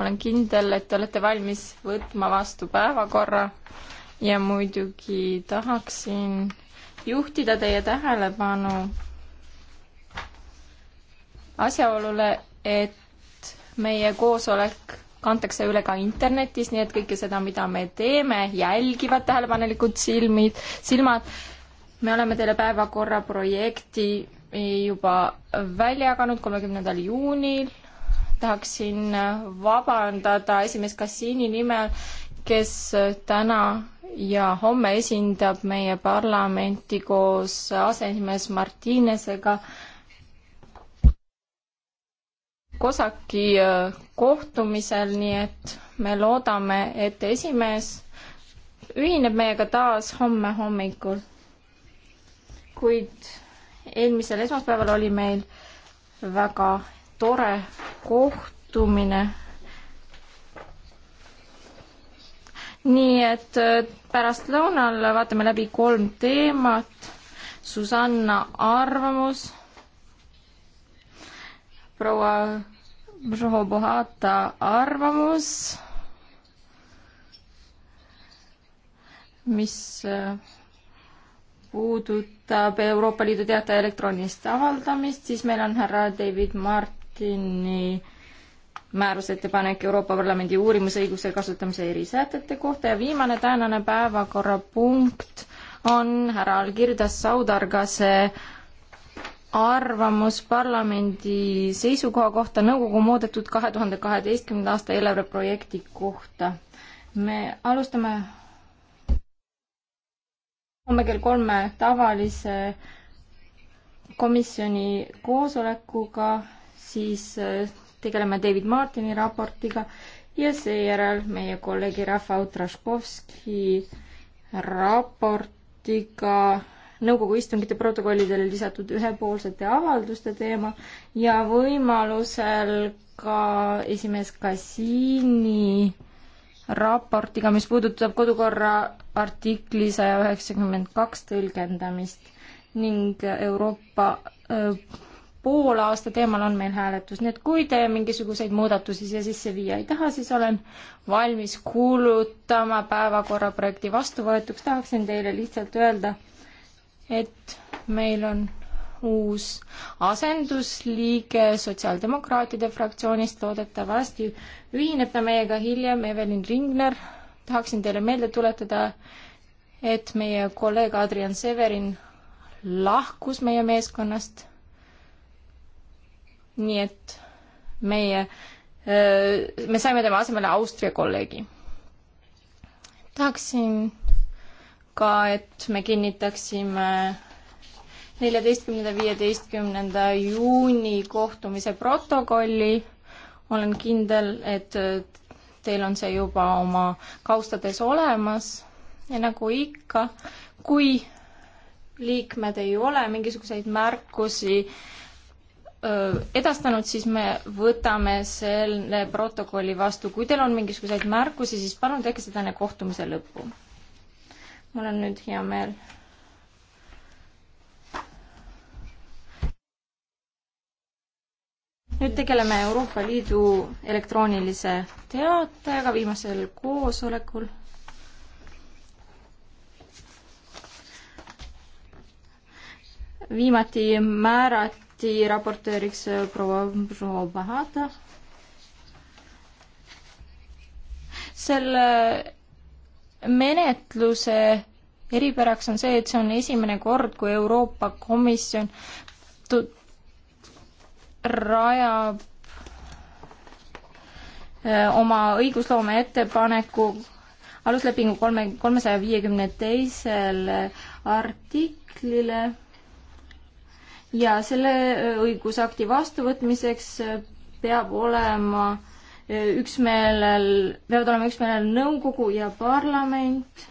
olen kindel, et te olete valmis võtma vastu päevakorra ja muidugi tahaksin juhtida teie tähelepanu asjaolule, et meie koosolek kantakse üle ka internetis, nii et kõike seda, mida me teeme, jälgivad tähelepanelikud silmid, silmad. me oleme teile päevakorra projekti juba välja jaganud kolmekümnendal juunil tahaksin vabandada esimees Kassiini nimel, kes täna ja homme esindab meie parlamenti koos aseesimees Martinesega Kosaki äh, kohtumisel, nii et me loodame, et esimees ühineb meiega taas homme hommikul. kuid eelmisel esmaspäeval oli meil väga tore kohtumine. nii et äh, pärastlõunal vaatame läbi kolm teemat. Susanna arvamus, proua Rohobohata arvamus, mis äh, puudutab Euroopa Liidu teataja elektroonilist avaldamist, siis meil on härra David Mart kinni määrusettepanek Euroopa Parlamendi uurimisõiguse kasutamise erisätete kohta ja viimane tänane päevakorrapunkt on härra Algirdas Saudargase arvamus parlamendi seisukoha kohta nõukogu muudetud kahe tuhande kaheteistkümnenda aasta eelarveprojekti kohta. me alustame homme kell kolme tavalise komisjoni koosolekuga siis äh, tegeleme David Martini raportiga ja seejärel meie kolleegi Rafa Utraškovski raportiga nõukogu istungite protokollidele lisatud ühepoolsete avalduste teema ja võimalusel ka esimees Kassiini raportiga, mis puudutab kodukorra artikli saja üheksakümmend kaks tõlgendamist ning Euroopa öö, äh, poolaasta teemal on meil hääletus, nii et kui te mingisuguseid muudatusi siia sisse viia ei taha, siis olen valmis kuulutama päevakorraprojekti vastuvõetuks, tahaksin teile lihtsalt öelda, et meil on uus asendusliige Sotsiaaldemokraatide fraktsioonist, loodetavasti ühineb ta meiega hiljem, Evelyn Ringner, tahaksin teile meelde tuletada, et meie kolleeg Adrian Severin lahkus meie meeskonnast nii et meie, äh, me saime tema asemele Austria kolleegi. tahaksin ka, et me kinnitaksime neljateistkümnenda, viieteistkümnenda juuni kohtumise protokolli. olen kindel, et äh, teil on see juba oma kaustades olemas ja nagu ikka, kui liikmed ei ole mingisuguseid märkusi edastanud, siis me võtame selle protokolli vastu. kui teil on mingisuguseid märkusi, siis palun tehke seda enne kohtumise lõppu. mul on nüüd hea meel. nüüd tegeleme Euroopa Liidu elektroonilise teatajaga viimasel koosolekul viimati määrati määrati raportööriks äh, proua Bahata. selle menetluse eripäraks on see, et see on esimene kord, kui Euroopa Komisjon rajab äh, oma õigusloome ettepaneku aluslepingu kolme, kolmesaja viiekümne teisele artiklile ja selle äh, õigusakti vastuvõtmiseks äh, peab olema äh, üksmeelel, peavad olema üksmeelel nõukogu ja parlament.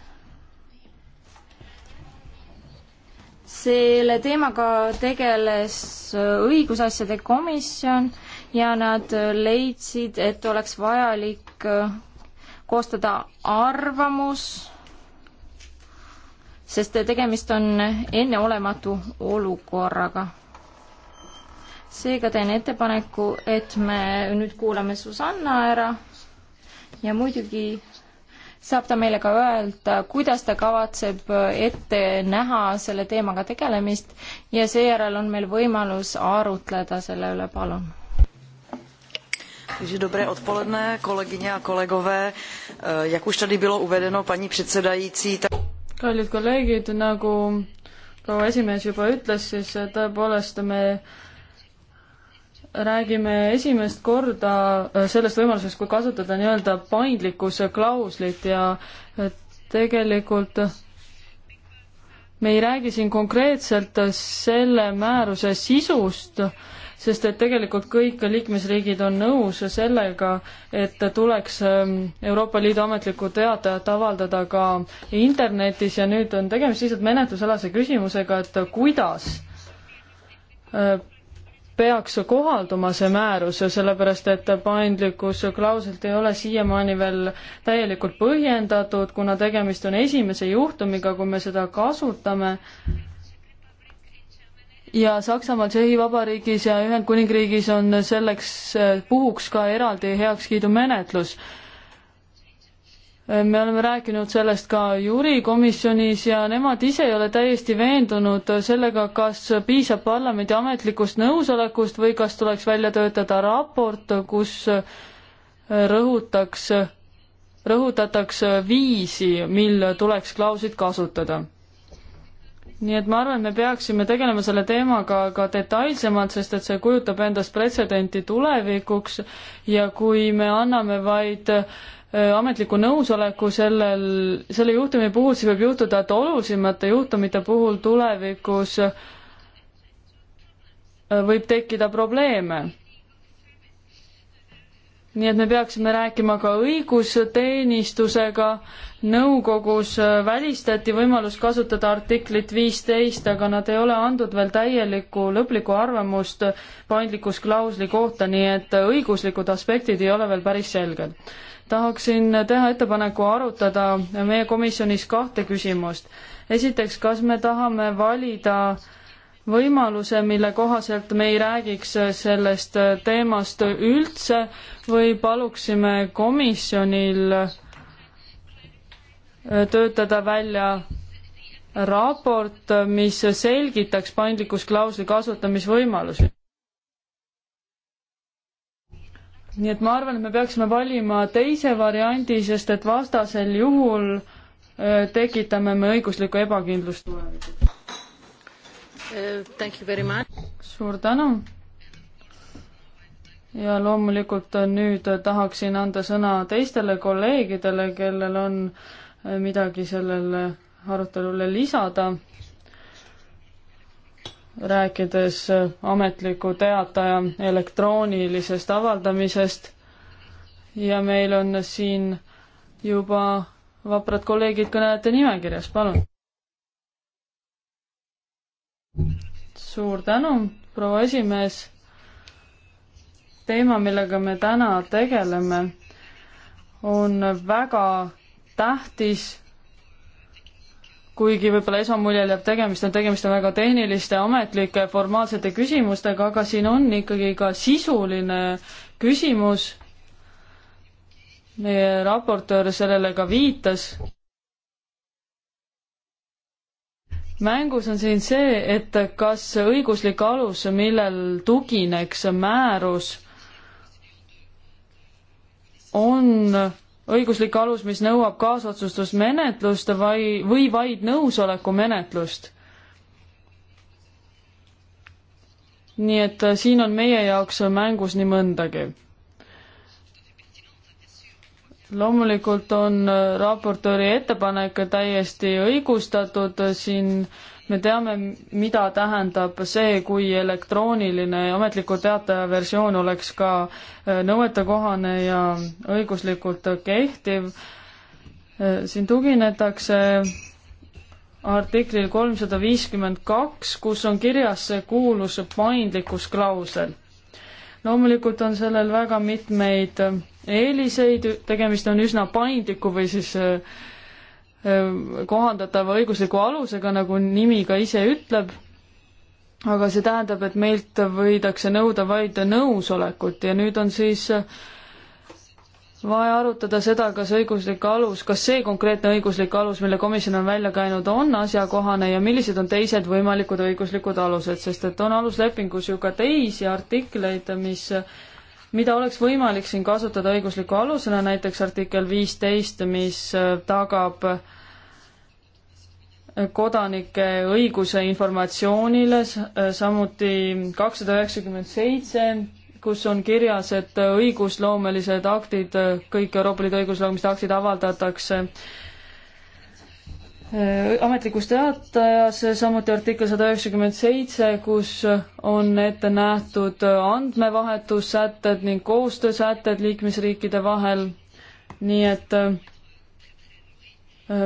selle teemaga tegeles õigusasjade komisjon ja nad leidsid, et oleks vajalik koostada arvamus sest tegemist on enneolematu olukorraga. seega teen ettepaneku, et me nüüd kuulame Susanna ära ja muidugi saab ta meile ka öelda, kuidas ta kavatseb ette näha selle teemaga tegelemist ja seejärel on meil võimalus arutleda selle üle, palun. Takže dobré odpoledne, kolegyně a kolegové. Eh, jak už tady bylo uvedeno paní předsedající, tak kallid kolleegid, nagu proua esimees juba ütles, siis tõepoolest me räägime esimest korda äh, sellest võimalusest, kui kasutada nii-öelda paindlikkuse klauslit ja äh, tegelikult me ei räägi siin konkreetselt äh, selle määruse sisust, sest et tegelikult kõik liikmesriigid on nõus sellega, et tuleks ähm, Euroopa Liidu ametlikku teatajat avaldada ka internetis ja nüüd on tegemist lihtsalt menetlusalase küsimusega, et kuidas äh, peaks kohalduma see määrus, sellepärast et paindlikkuse klauslit ei ole siiamaani veel täielikult põhjendatud, kuna tegemist on esimese juhtumiga, kui me seda kasutame ja Saksamaal, Tšehhi Vabariigis ja Ühendkuningriigis on selleks äh, puhuks ka eraldi heakskiidumenetlus. Äh, me oleme rääkinud sellest ka juurikomisjonis ja nemad ise ei ole täiesti veendunud sellega, kas piisab parlamendi ametlikust nõusolekust või kas tuleks välja töötada raport, kus äh, rõhutaks, rõhutatakse viisi, mil tuleks klausid kasutada nii et ma arvan, et me peaksime tegelema selle teemaga ka detailsemalt, sest et see kujutab endast pretsedenti tulevikuks ja kui me anname vaid äh, ametliku nõusoleku sellel, selle juhtumi puhul, siis võib juhtuda, et olulisemate juhtumite puhul tulevikus äh, võib tekkida probleeme nii et me peaksime rääkima ka õigusteenistusega, nõukogus äh, välistati võimalus kasutada artiklit viisteist, aga nad ei ole andnud veel täielikku lõplikku arvamust paindlikkusklausli kohta, nii et õiguslikud aspektid ei ole veel päris selged. tahaksin teha ettepaneku arutada meie komisjonis kahte küsimust. esiteks, kas me tahame valida äh, võimaluse, mille kohaselt me ei räägiks sellest teemast üldse või paluksime komisjonil töötada välja raport, mis selgitaks paindlikkusklausli kasutamisvõimalusi. nii et ma arvan, et me peaksime valima teise variandi, sest et vastasel juhul äh, tekitame me õiguslikku ebakindlust tulevikus suur tänu. ja loomulikult nüüd tahaksin anda sõna teistele kolleegidele, kellel on midagi sellele arutelule lisada. rääkides ametliku teataja elektroonilisest avaldamisest ja meil on siin juba vaprad kolleegid kõnelejate nimekirjas, palun suur tänu, proua esimees. teema, millega me täna tegeleme, on väga tähtis kuigi võib-olla esmamuljel jääb tegemist, on tegemist on väga tehniliste, ametlike, formaalsete küsimustega, aga siin on ikkagi ka sisuline küsimus. meie raportöör sellele ka viitas. mängus on siin see, et kas õiguslik alus, millel tugineks määrus, on õiguslik alus, mis nõuab kaasotsustusmenetlust või, või vaid nõusoleku menetlust. nii et äh, siin on meie jaoks mängus nii mõndagi loomulikult on äh, raportööri ettepanek täiesti õigustatud, siin me teame, mida tähendab see, kui elektrooniline ametliku teataja versioon oleks ka äh, nõuetekohane ja õiguslikult kehtiv. Äh, siin tuginetakse artiklil kolmsada viiskümmend kaks, kus on kirjas see kuulus paindlikkusklausel. loomulikult on sellel väga mitmeid eeliseid, tegemist on üsna paindliku või siis äh, äh, kohandatava õigusliku alusega, nagu nimi ka ise ütleb, aga see tähendab, et meilt võidakse nõuda vaid nõusolekut ja nüüd on siis äh, vaja arutada seda, kas õiguslik alus, kas see konkreetne õiguslik alus, mille komisjon on välja käinud, on asjakohane ja millised on teised võimalikud õiguslikud alused, sest et on aluslepingus ju ka teisi artikleid, mis mida oleks võimalik siin kasutada õigusliku alusena, näiteks artikkel viisteist, mis äh, tagab äh, kodanike õiguse informatsioonile, äh, samuti kakssada üheksakümmend seitse, kus on kirjas, et õigusloomelised aktid, kõik Euroopa Liidu õigusloomelised aktid avaldatakse Äh, ametlikus teatajas, samuti artikkel sada üheksakümmend seitse, kus on ette nähtud andmevahetussätted ning koostöösätted liikmesriikide vahel. nii et äh,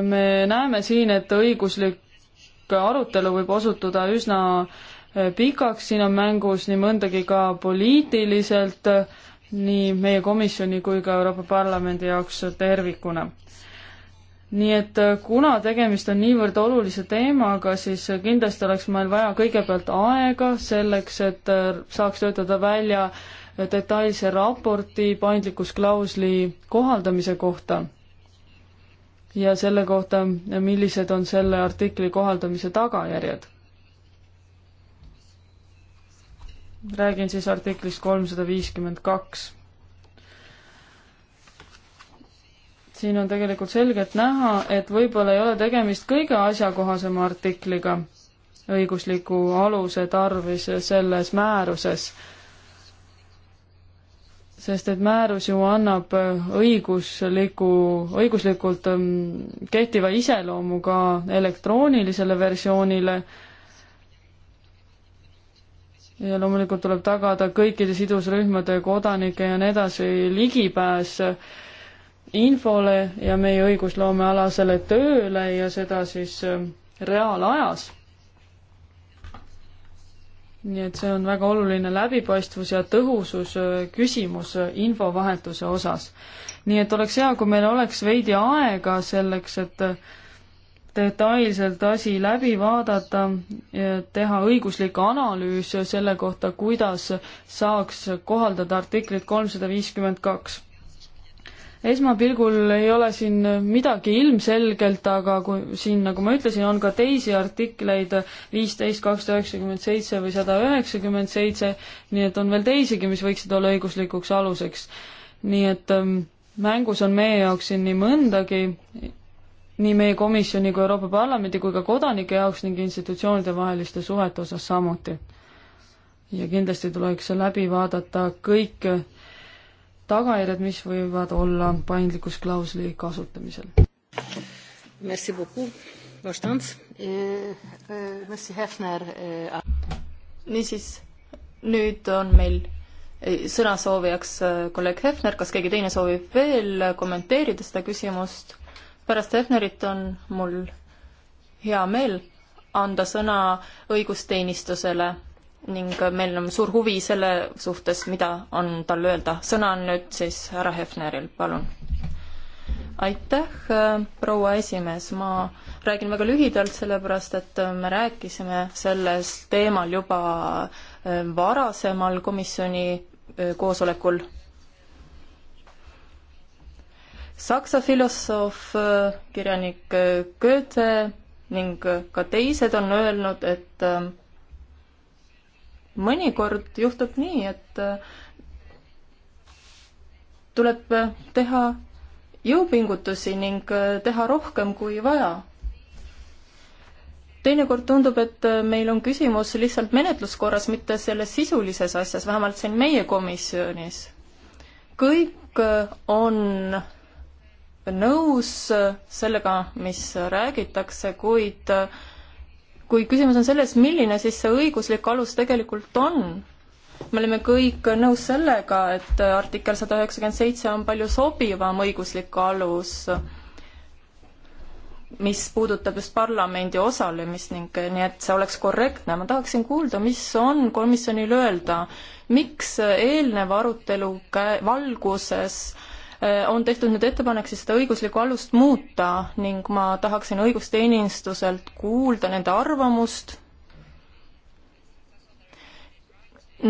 me näeme siin, et õiguslik arutelu võib osutuda üsna äh, pikaks, siin on mängus nii mõndagi ka poliitiliselt, nii meie komisjoni kui ka Euroopa Parlamendi jaoks tervikuna nii et äh, kuna tegemist on niivõrd olulise teemaga, siis äh, kindlasti oleks meil vaja kõigepealt aega selleks, et äh, saaks töötada välja detailse raporti paindlikkusklausli kohaldamise kohta ja selle kohta, millised on selle artikli kohaldamise tagajärjed. räägin siis artiklist kolmsada viiskümmend kaks siin on tegelikult selgelt näha, et võib-olla ei ole tegemist kõige asjakohasema artikliga õigusliku aluse tarvis selles määruses. sest et määrus ju annab õigusliku, õiguslikult ähm, kehtiva iseloomu ka elektroonilisele versioonile ja loomulikult tuleb tagada kõikide sidusrühmade, kodanike ja nii edasi ligipääs äh, infole ja meie õigusloomealasele tööle ja seda siis äh, reaalajas. nii et see on väga oluline läbipaistvus ja tõhusus äh, küsimus äh, infovahetuse osas. nii et oleks hea, kui meil oleks veidi aega selleks, et detailselt asi läbi vaadata, teha õiguslik analüüs selle kohta, kuidas saaks kohaldada artiklit kolmsada viiskümmend kaks esmapilgul ei ole siin midagi ilmselgelt, aga kui siin, nagu ma ütlesin, on ka teisi artikleid viisteist, kakssada üheksakümmend seitse või sada üheksakümmend seitse, nii et on veel teisigi, mis võiksid olla õiguslikuks aluseks. nii et ähm, mängus on meie jaoks siin nii mõndagi, nii meie komisjoni kui Euroopa Parlamendi kui ka kodanike jaoks ning institutsioonide vaheliste suhete osas samuti. ja kindlasti tuleks läbi vaadata kõik tagajärjed, mis võivad olla paindlikkusklausli kasutamisel. Merci beaucoup, Konstants. Euh, Merci, Hefner. Euh, niisiis, nüüd on meil äh, sõnasoovijaks äh, kolleeg Hefner, kas keegi teine soovib veel kommenteerida seda küsimust? pärast Hefnerit on mul hea meel anda sõna õigusteenistusele ning meil on suur huvi selle suhtes, mida on tal öelda. sõna on nüüd siis härra Hefneril, palun. aitäh, proua esimees, ma räägin väga lühidalt, sellepärast et me rääkisime sellest teemal juba äh, varasemal komisjoni äh, koosolekul. Saksa filosoof, äh, kirjanik Goethe ning ka teised on öelnud, et mõnikord juhtub nii, et äh, tuleb äh, teha jõupingutusi ning äh, teha rohkem kui vaja. teinekord tundub, et meil on küsimus lihtsalt menetluskorras, mitte selles sisulises asjas, vähemalt siin meie komisjonis. kõik on nõus sellega, mis räägitakse, kuid äh, kui küsimus on selles, milline siis see õiguslik alus tegelikult on, me oleme kõik nõus sellega, et artikkel sada üheksakümmend seitse on palju sobivam õiguslik alus, mis puudutab just parlamendi osalemist ning nii, et see oleks korrektne. ma tahaksin kuulda, mis on komisjonil öelda, miks eelneva arutelu valguses äh, Äh, on tehtud nüüd ettepanek siis seda õiguslikku alust muuta ning ma tahaksin õigusteenistuselt kuulda nende arvamust.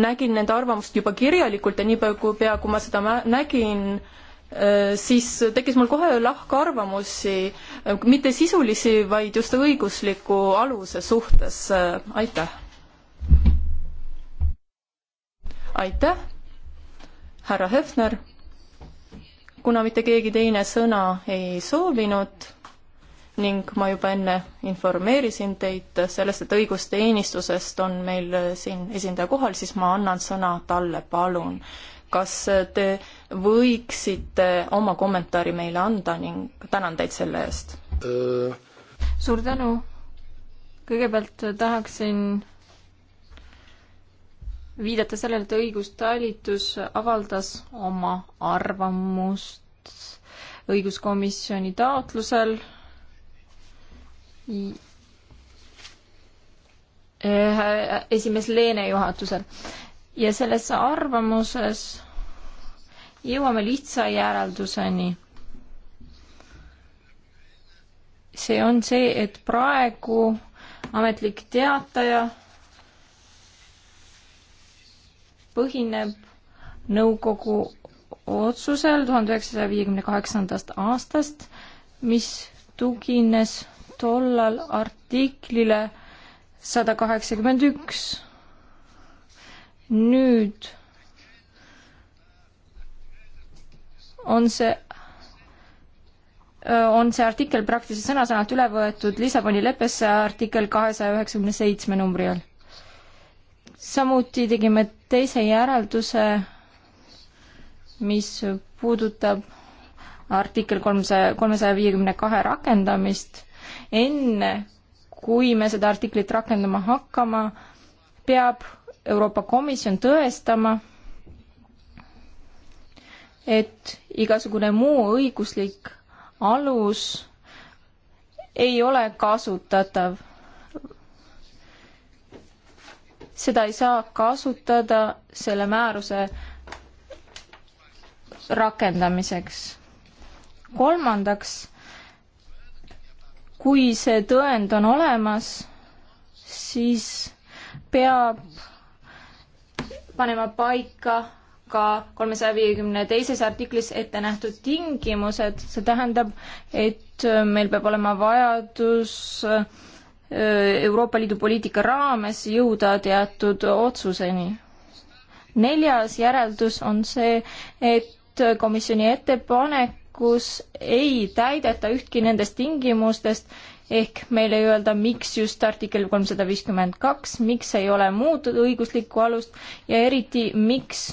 nägin nende arvamust juba kirjalikult ja niipea kui pea, kui ma seda nägin, äh, siis tekkis mul kohe lahkarvamusi, äh, mitte sisulisi, vaid just õigusliku aluse suhtes, aitäh. aitäh, härra Hefner kuna mitte keegi teine sõna ei soovinud ning ma juba enne informeerisin teid sellest, et õigusteenistusest on meil siin esindaja kohal, siis ma annan sõna talle, palun. kas te võiksite oma kommentaari meile anda ning tänan teid selle eest? Äh. suur tänu. kõigepealt tahaksin viidata sellele, et õigustalitus avaldas oma arvamust õiguskomisjoni taotlusel eh, esimees Leene juhatusel. ja selles arvamuses jõuame lihtsa järelduseni. see on see, et praegu ametlik teataja põhineb nõukogu otsusel tuhande üheksasaja viiekümne kaheksandast aastast, mis tugines tollal artiklile sada kaheksakümmend üks. nüüd on see äh, on see artikkel praktiliselt sõna-sõnalt üle võetud Lissaboni leppesse artikkel kahesaja üheksakümne seitsme numbri all samuti tegime teise järelduse, mis puudutab artikkel kolmsaja, kolmesaja viiekümne kahe rakendamist. enne, kui me seda artiklit rakendama hakkama, peab Euroopa Komisjon tõestama, et igasugune muu õiguslik alus ei ole kasutatav seda ei saa kasutada selle määruse rakendamiseks. kolmandaks, kui see tõend on olemas, siis peab panema paika ka kolmesaja viiekümne teises artiklis ette nähtud tingimused, see tähendab, et meil peab olema vajadus äh, Äh, Euroopa Liidu poliitika raames jõuda teatud otsuseni. neljas järeldus on see, et komisjoni ettepanekus ei täideta ühtki nendest tingimustest, ehk meile ei öelda, miks just artikkel kolmsada viiskümmend kaks, miks ei ole muutud õiguslikku alust ja eriti, miks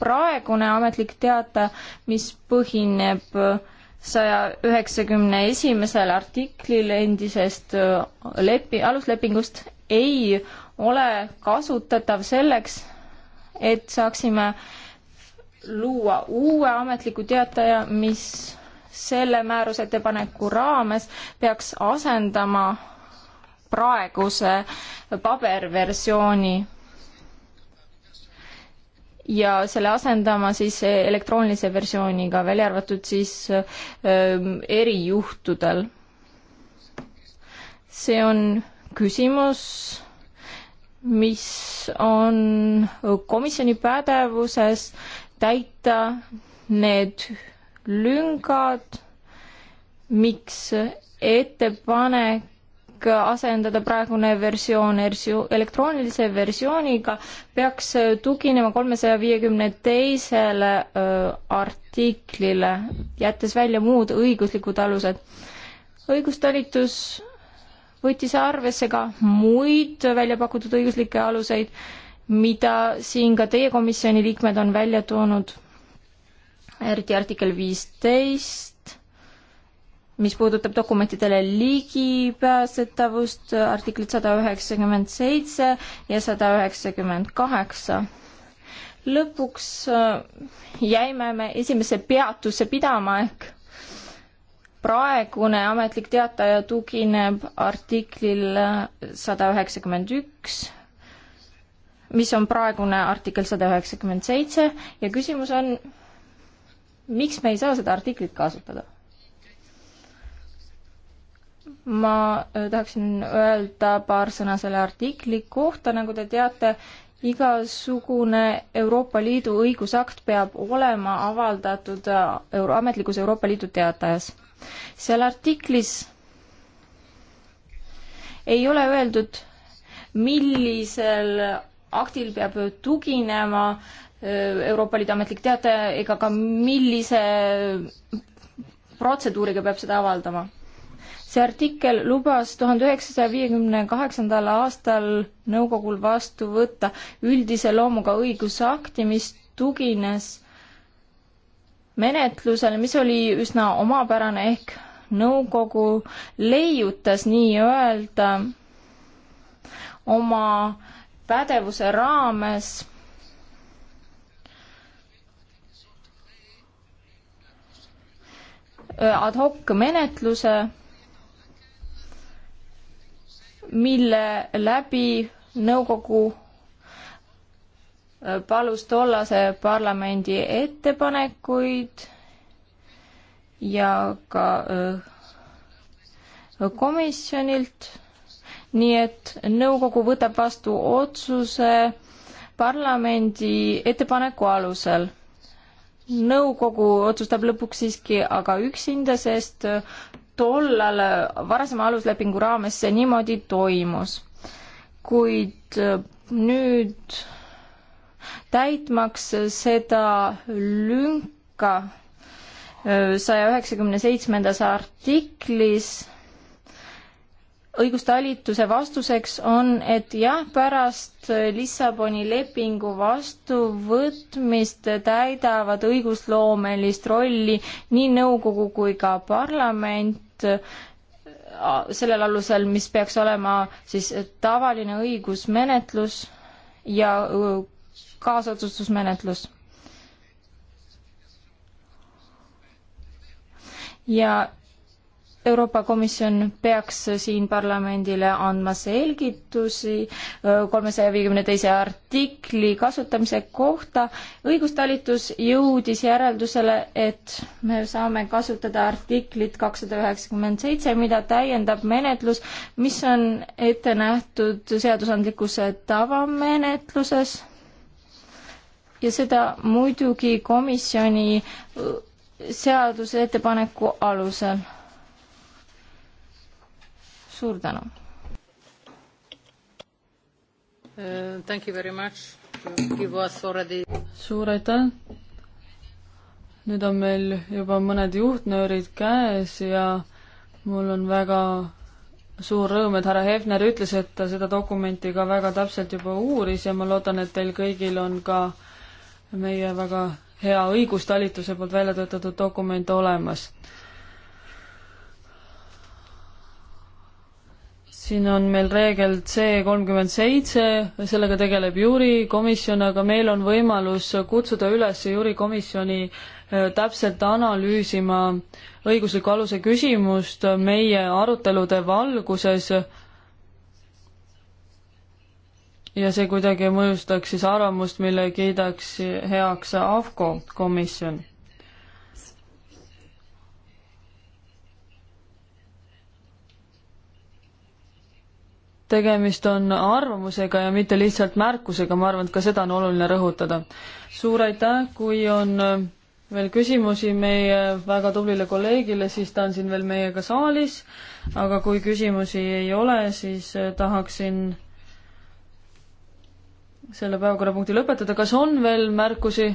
praegune ametlik teade, mis põhineb äh, saja üheksakümne esimesel artiklil endisest äh, lepi, aluslepingust ei ole kasutatav selleks, et saaksime luua uue ametliku teataja, mis selle määruse ettepaneku raames peaks asendama praeguse paberversiooni ja selle asendama siis elektroonilise versiooniga, välja arvatud siis ähm, erijuhtudel. see on küsimus, mis on komisjoni pädevuses täita need lüngad, miks ettepanek asendada praegune versioon versio-, elektroonilise versiooniga, peaks tuginema kolmesaja viiekümne teisele artiklile, jättes välja muud õiguslikud alused. õigustalitus võttis arvesse ka muid välja pakutud õiguslikke aluseid, mida siin ka teie komisjoni liikmed on välja toonud, eriti artikkel viisteist mis puudutab dokumentidele ligipääsetavust, artiklid sada üheksakümmend seitse ja sada üheksakümmend kaheksa. lõpuks äh, jäime me esimese peatuse pidama ehk praegune ametlik teataja tugineb artiklil sada üheksakümmend üks, mis on praegune artikkel sada üheksakümmend seitse ja küsimus on, miks me ei saa seda artiklit kasutada ma äh, tahaksin öelda paar sõna selle artikli kohta, nagu te teate, igasugune Euroopa Liidu õigusakt peab olema avaldatud äh, euro, ametlikus Euroopa Liidu teatajas. seal artiklis ei ole öeldud, millisel aktil peab tuginema äh, Euroopa Liidu ametlik teataja ega ka millise protseduuriga peab seda avaldama see artikkel lubas tuhande üheksasaja viiekümne kaheksandal aastal nõukogul vastu võtta üldise loomuga õigusakti, mis tugines menetlusele, mis oli üsna omapärane ehk nõukogu leiutas nii-öelda oma pädevuse raames ad hoc menetluse mille läbi nõukogu äh, palus tollase parlamendi ettepanekuid ja ka äh, komisjonilt, nii et nõukogu võtab vastu otsuse parlamendi ettepaneku alusel. nõukogu otsustab lõpuks siiski aga üksinda, sest tollal äh, varasema aluslepingu raames see niimoodi toimus. kuid äh, nüüd täitmaks seda lünka äh, saja üheksakümne seitsmendas artiklis õigustalituse vastuseks on, et jah, pärast Lissaboni lepingu vastuvõtmist täidavad õigusloomelist rolli nii nõukogu kui ka parlament et äh, sellel alusel, mis peaks olema siis tavaline õigusmenetlus ja äh, kaasotsustusmenetlus. ja Euroopa Komisjon peaks siin parlamendile andma selgitusi kolmesaja viiekümne teise artikli kasutamise kohta. õigustalitus jõudis järeldusele, et me saame kasutada artiklit kakssada üheksakümmend seitse, mida täiendab menetlus, mis on ette nähtud seadusandlikus tavamenetluses ja seda muidugi komisjoni seaduseettepaneku alusel suur tänu uh, already.... suur aitäh. nüüd on meil juba mõned juhtnöörid käes ja mul on väga suur rõõm, et härra Hefner ütles, et ta seda dokumenti ka väga täpselt juba uuris ja ma loodan, et teil kõigil on ka meie väga hea õigustalituse poolt välja töötatud dokument olemas. siin on meil reegel C kolmkümmend seitse, sellega tegeleb juuri komisjon, aga meil on võimalus kutsuda üles juuri komisjoni äh, täpselt analüüsima õigusliku aluse küsimust meie arutelude valguses. ja see kuidagi mõjustaks siis arvamust, mille kiidaks heaks AFCO komisjon tegemist on arvamusega ja mitte lihtsalt märkusega, ma arvan, et ka seda on oluline rõhutada. suur aitäh, kui on äh, veel küsimusi meie väga tublile kolleegile, siis ta on siin veel meiega saalis, aga kui küsimusi ei ole, siis äh, tahaksin selle päevakorrapunkti lõpetada, kas on veel märkusi?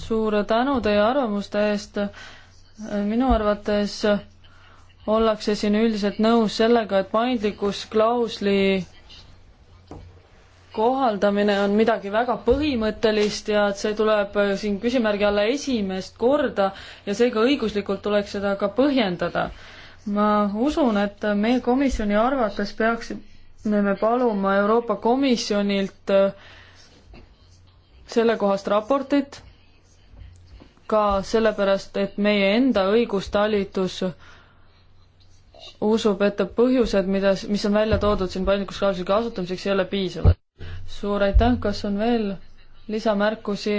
suur tänu teie arvamuste eest, minu arvates ollakse siin üldiselt nõus sellega, et paindlikkusklausli kohaldamine on midagi väga põhimõttelist ja et see tuleb äh, siin küsimärgi alla esimest korda ja seega õiguslikult tuleks seda ka põhjendada. ma usun, et meie komisjoni arvates peaksime me paluma Euroopa Komisjonilt äh, sellekohast raportit ka sellepärast, et meie enda õigustalitus usub, et põhjused, mida, mis on välja toodud siin paindlikus klausli kasutamiseks, ei ole piisavad. suur aitäh, kas on veel lisamärkusi?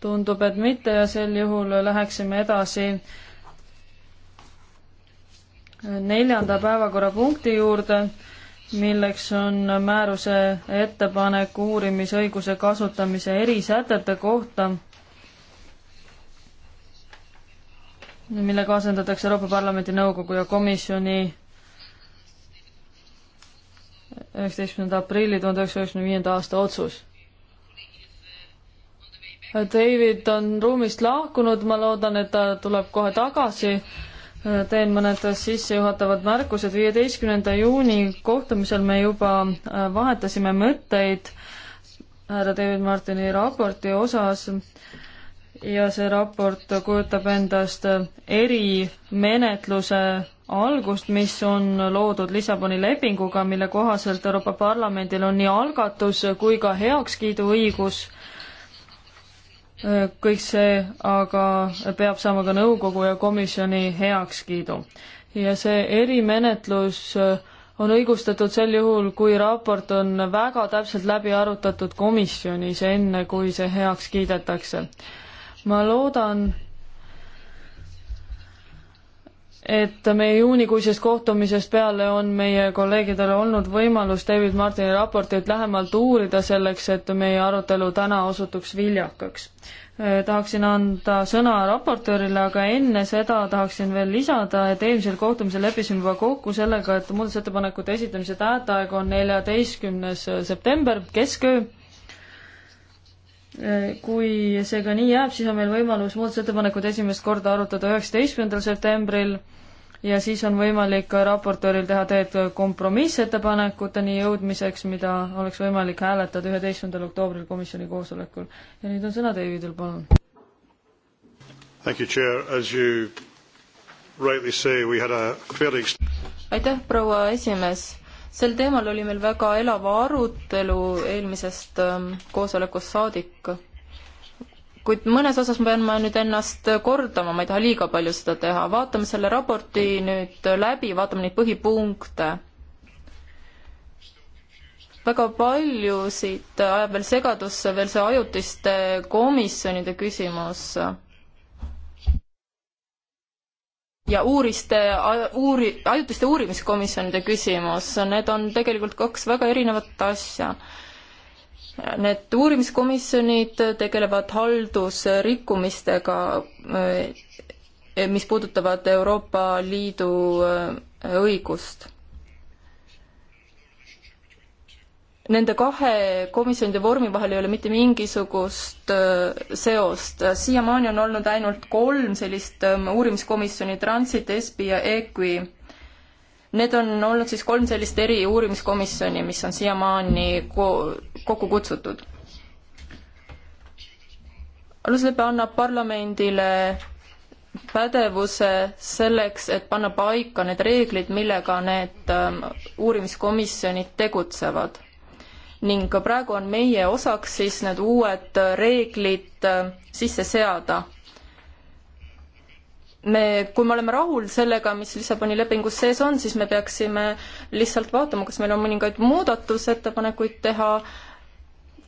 tundub, et mitte ja sel juhul läheksime edasi neljanda päevakorrapunkti juurde, milleks on määruse ettepanek uurimisõiguse kasutamise erisätete kohta millega asendatakse Euroopa Parlamendi Nõukogu ja komisjoni üheksateistkümnenda aprilli tuhande üheksasaja üheksakümne viienda aasta otsus. David on ruumist lahkunud, ma loodan, et ta tuleb kohe tagasi. teen mõned sissejuhatavad märkused. viieteistkümnenda juuni kohtumisel me juba vahetasime mõtteid härra David Martini raporti osas ja see raport kujutab endast erimenetluse algust, mis on loodud Lissaboni lepinguga, mille kohaselt Euroopa Parlamendil on nii algatus kui ka heakskiiduõigus. kõik see aga peab saama ka nõukogu ja komisjoni heakskiidu. ja see erimenetlus on õigustatud sel juhul, kui raport on väga täpselt läbi arutatud komisjonis, enne kui see heaks kiidetakse ma loodan, et meie juunikuisest kohtumisest peale on meie kolleegidel olnud võimalus David Martini raportit lähemalt uurida selleks, et meie arutelu täna osutuks viljakaks. Äh, tahaksin anda sõna raportöörile, aga enne seda tahaksin veel lisada, et eelmisel kohtumisel leppisime juba kokku sellega, et muudatusettepanekute esitamise tähtaeg on neljateistkümnes september, kesköö kui see ka nii jääb, siis on meil võimalus muudatusettepanekud esimest korda arutada üheksateistkümnendal septembril ja siis on võimalik raportööril teha teed kompromissettepanekuteni jõudmiseks, mida oleks võimalik hääletada üheteistkümnendal oktoobril komisjoni koosolekul. ja nüüd on sõna Davidil, palun. aitäh, proua esimees sel teemal oli meil väga elava arutelu eelmisest ähm, koosolekust saadik. kuid mõnes osas pean ma nüüd ennast kordama, ma ei taha liiga palju seda teha, vaatame selle raporti nüüd läbi, vaatame neid põhipunkte. väga paljusid ajab veel segadusse veel see ajutiste komisjonide küsimus ja uuriste, uuri-, ajutiste uurimiskomisjonide küsimus, need on tegelikult kaks väga erinevat asja. Need uurimiskomisjonid tegelevad haldusrikkumistega, mis puudutavad Euroopa Liidu õigust nende kahe komisjonide vormi vahel ei ole mitte mingisugust äh, seost. siiamaani on olnud ainult kolm sellist ähm, uurimiskomisjoni, Transit, ESPI ja EQUI. Need on olnud siis kolm sellist eri uurimiskomisjoni, mis on siiamaani ko-, kokku kutsutud. aluslepe annab parlamendile pädevuse selleks, et panna paika need reeglid, millega need ähm, uurimiskomisjonid tegutsevad ning praegu on meie osaks siis need uued reeglid äh, sisse seada. me, kui me oleme rahul sellega, mis Lissaboni lepingus sees on, siis me peaksime lihtsalt vaatama, kas meil on mõningaid muudatusettepanekuid teha,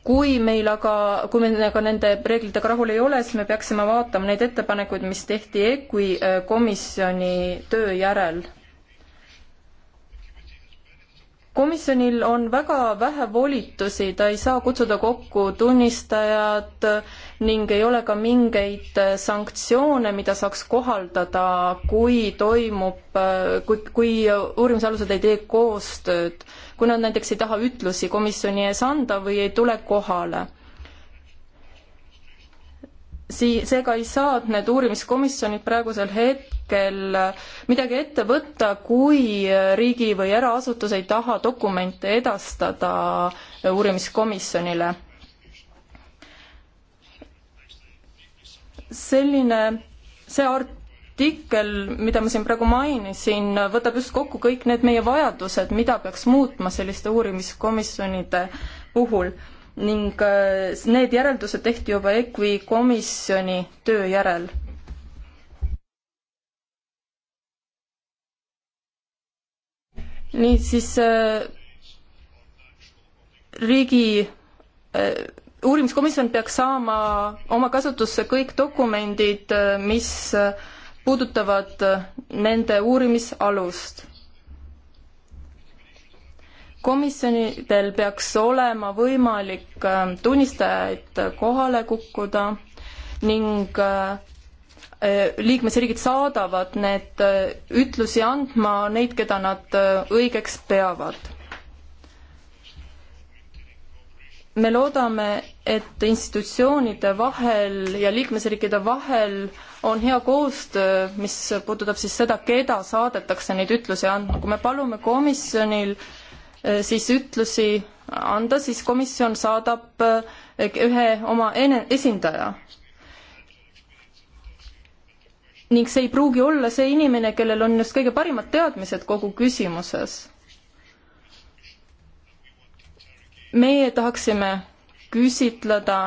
kui meil aga, kui me aga nende reeglitega rahul ei ole, siis me peaksime vaatama neid ettepanekuid, mis tehti EKUI äh, komisjoni töö järel komisjonil on väga vähe volitusi, ta ei saa kutsuda kokku tunnistajad ning ei ole ka mingeid sanktsioone, mida saaks kohaldada, kui toimub, kui, kui uurimisalused ei tee koostööd. kui nad näiteks ei taha ütlusi komisjoni ees anda või ei tule kohale sii-, seega ei saa need uurimiskomisjonid praegusel hetkel midagi ette võtta, kui riigi või eraasutus ei taha dokumente edastada uurimiskomisjonile. selline, see artikkel, mida ma siin praegu mainisin, võtab just kokku kõik need meie vajadused, mida peaks muutma selliste uurimiskomisjonide puhul ning äh, need järeldused tehti juba EKVI komisjoni töö järel. niisiis äh, riigi äh, uurimiskomisjon peaks saama oma kasutusse kõik dokumendid, mis puudutavad nende uurimisalust komisjonidel peaks olema võimalik äh, tunnistajaid kohale kukkuda ning äh, äh, liikmesriigid saadavad need ütlusi andma neid, keda nad õigeks peavad. me loodame, et institutsioonide vahel ja liikmesriikide vahel on hea koostöö, mis puudutab siis seda, keda saadetakse neid ütlusi andma. kui me palume komisjonil äh, Äh, siis ütlusi anda, siis komisjon saadab äh, ühe oma esindaja. ning see ei pruugi olla see inimene, kellel on just kõige parimad teadmised kogu küsimuses. meie tahaksime küsitleda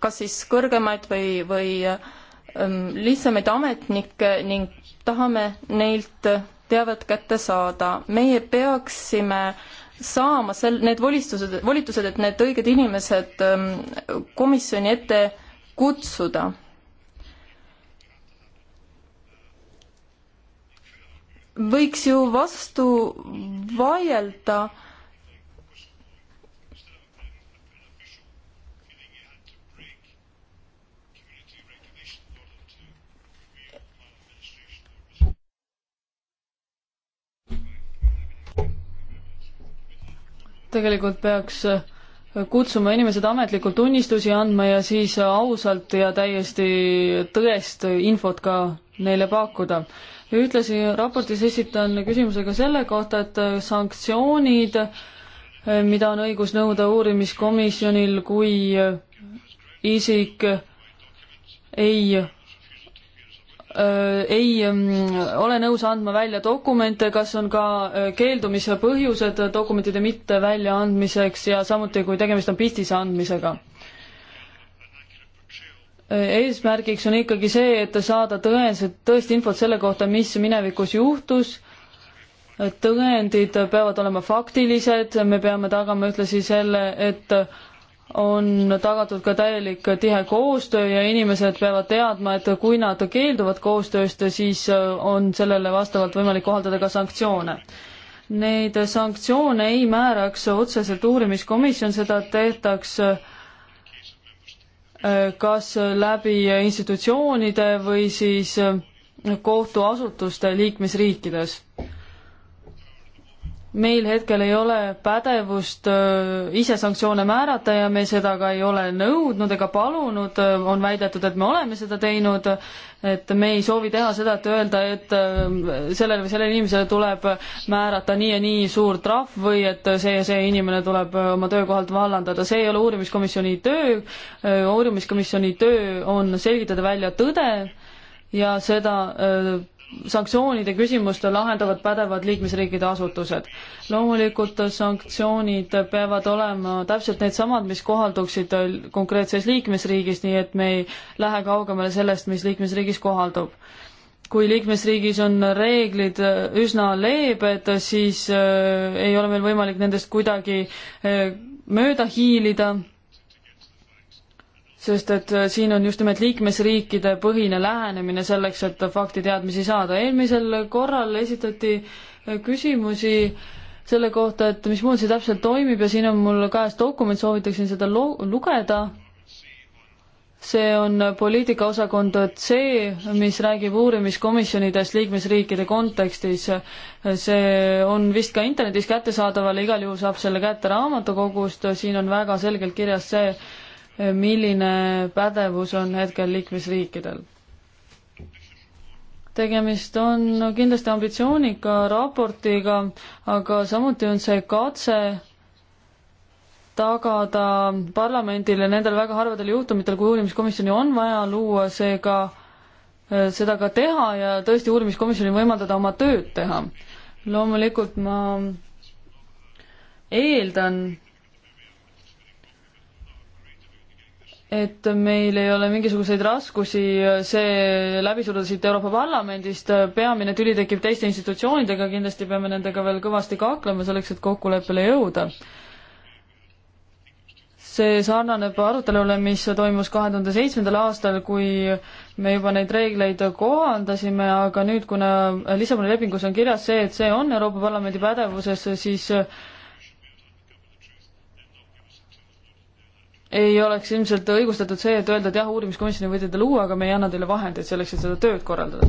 kas siis kõrgemaid või, või ähm, lihtsamaid ametnikke ning tahame neilt teavet kätte saada. meie peaksime saama sel-, need volistused, volitused, et need õiged inimesed ähm, komisjoni ette kutsuda. võiks ju vastu vaielda tegelikult peaks äh, kutsuma inimesed ametlikult tunnistusi andma ja siis ausalt ja täiesti tõest infot ka neile pakkuda. ühtlasi raportis esitan küsimuse ka selle kohta, et äh, sanktsioonid, äh, mida on õigus nõuda uurimiskomisjonil, kui isik ei Äh, ei mm, ole nõus andma välja dokumente, kas on ka äh, keeldumise põhjused dokumentide mitte väljaandmiseks ja samuti, kui tegemist on pistise andmisega. Äh, eesmärgiks on ikkagi see, et saada tõenäoliselt tõest infot selle kohta, mis minevikus juhtus, tõendid peavad olema faktilised, me peame tagama ühtlasi selle, et on tagatud ka täielik tihe koostöö ja inimesed peavad teadma, et kui nad keelduvad koostööst, siis äh, on sellele vastavalt võimalik kohaldada ka sanktsioone. Neid sanktsioone ei määraks otseselt uurimiskomisjon, seda tehtaks äh, kas läbi institutsioonide või siis äh, kohtuasutuste liikmesriikides meil hetkel ei ole pädevust äh, ise sanktsioone määrata ja me seda ka ei ole nõudnud ega palunud, äh, on väidetud, et me oleme seda teinud, et me ei soovi teha seda, et öelda, et äh, sellele või sellele inimesele tuleb määrata nii ja nii suur trahv või et see ja see inimene tuleb oma töökohalt vallandada, see ei ole uurimiskomisjoni töö, uurimiskomisjoni töö on selgitada välja tõde ja seda sanktsioonide küsimust lahendavad pädevad liikmesriikide asutused. loomulikult sanktsioonid peavad olema täpselt needsamad, mis kohalduksid konkreetses liikmesriigis, nii et me ei lähe kaugemale sellest, mis liikmesriigis kohaldub. kui liikmesriigis on reeglid üsna leebed, siis äh, ei ole meil võimalik nendest kuidagi äh, mööda hiilida sest et äh, siin on just nimelt liikmesriikide põhine lähenemine selleks, et faktiteadmisi saada. eelmisel korral esitati äh, küsimusi selle kohta, et mismoodi see täpselt toimib ja siin on mul käes dokument, soovitaksin seda lo-, lugeda. see on äh, poliitikaosakond C, mis räägib uurimiskomisjonidest liikmesriikide kontekstis. see on vist ka internetis kättesaadaval, igal juhul saab selle kätte raamatukogust, siin on väga selgelt kirjas see, milline pädevus on hetkel liikmesriikidel. tegemist on kindlasti ambitsioonika raportiga, aga samuti on see katse tagada parlamendile nendel väga harvadel juhtumitel, kui uurimiskomisjoni on vaja luua, seega äh, seda ka teha ja tõesti uurimiskomisjoni võimaldada oma tööd teha. loomulikult ma eeldan, et meil ei ole mingisuguseid raskusi äh, see läbi suruda siit Euroopa Parlamendist, äh, peamine tüli tekib teiste institutsioonidega, kindlasti peame nendega veel kõvasti kaklema selleks, et kokkuleppele jõuda. see sarnaneb arutelule, mis toimus kahe tuhande seitsmendal aastal, kui me juba neid reegleid kohandasime, aga nüüd, kuna Lissaboni lepingus on kirjas see, et see on Euroopa Parlamendi pädevuses, siis äh, ei oleks ilmselt õigustatud see, et öelda, et jah, uurimiskomisjoni võite te luua, aga me ei anna teile vahendeid selleks, et seda tööd korraldada.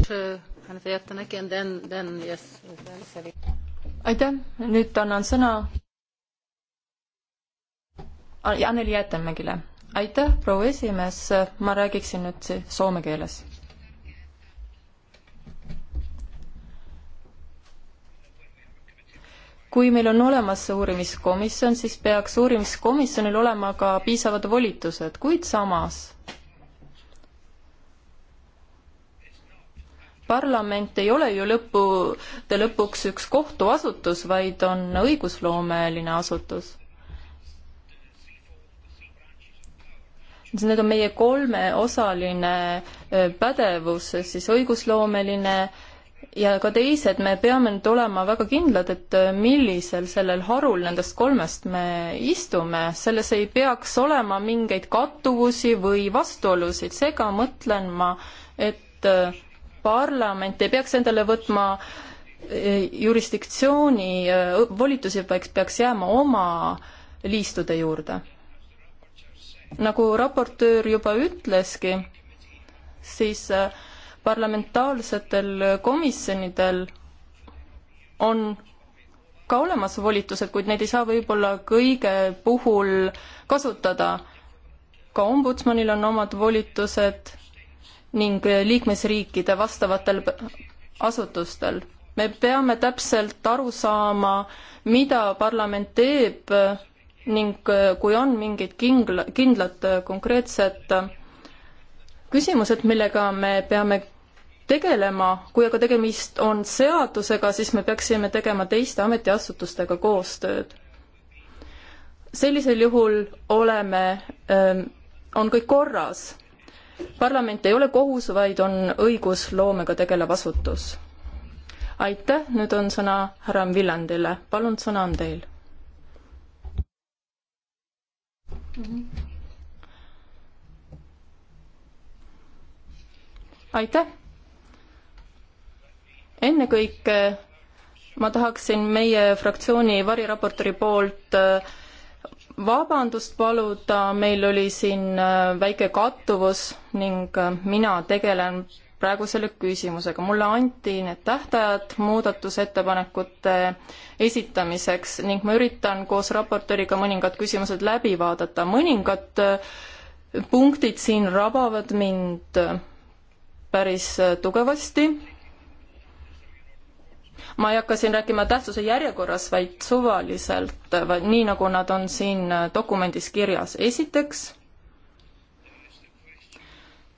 aitäh, nüüd annan sõna Anneli Jäätemägile. aitäh, proua esimees, ma räägiksin nüüd soome keeles kui meil on olemas see uurimiskomisjon, siis peaks uurimiskomisjonil olema ka piisavad volitused, kuid samas parlament ei ole ju lõppude lõpuks üks kohtuasutus, vaid on õigusloomeline asutus. Need on meie kolmeosaline äh, pädevus, siis õigusloomeline äh, ja ka teised, me peame nüüd olema väga kindlad, et äh, millisel sellel harul nendest kolmest me istume, selles ei peaks olema mingeid kattuvusi või vastuolusid, seega mõtlen ma, et äh, parlament ei peaks endale võtma äh, jurisdiktsiooni volitusi, vaid peaks jääma oma liistude juurde. nagu raportöör juba ütleski, siis äh, parlamentaarsetel komisjonidel on ka olemas volitused, kuid neid ei saa võib-olla kõige puhul kasutada. ka ombudsmanil on omad volitused ning liikmesriikide vastavatel asutustel. me peame täpselt aru saama, mida parlament teeb ning kui on mingid kindla, kindlad konkreetsed küsimused, millega me peame tegelema, kui aga tegemist on seadusega, siis me peaksime tegema teiste ametiasutustega koostööd. sellisel juhul oleme, ähm, on kõik korras. parlament ei ole kohus, vaid on õigusloomega tegelev asutus. aitäh, nüüd on sõna härra Villandile, palun, sõna on teil mm. -hmm. aitäh ennekõike ma tahaksin meie fraktsiooni variraportori poolt äh, vabandust paluda, meil oli siin äh, väike kattuvus ning äh, mina tegelen praegu selle küsimusega. mulle anti need tähtajad muudatusettepanekute esitamiseks ning ma üritan koos raportööriga mõningad küsimused läbi vaadata. mõningad punktid siin rabavad mind päris tugevasti ma ei hakka siin rääkima tähtsuse järjekorras, vaid suvaliselt, vaid nii, nagu nad on siin äh, dokumendis kirjas. esiteks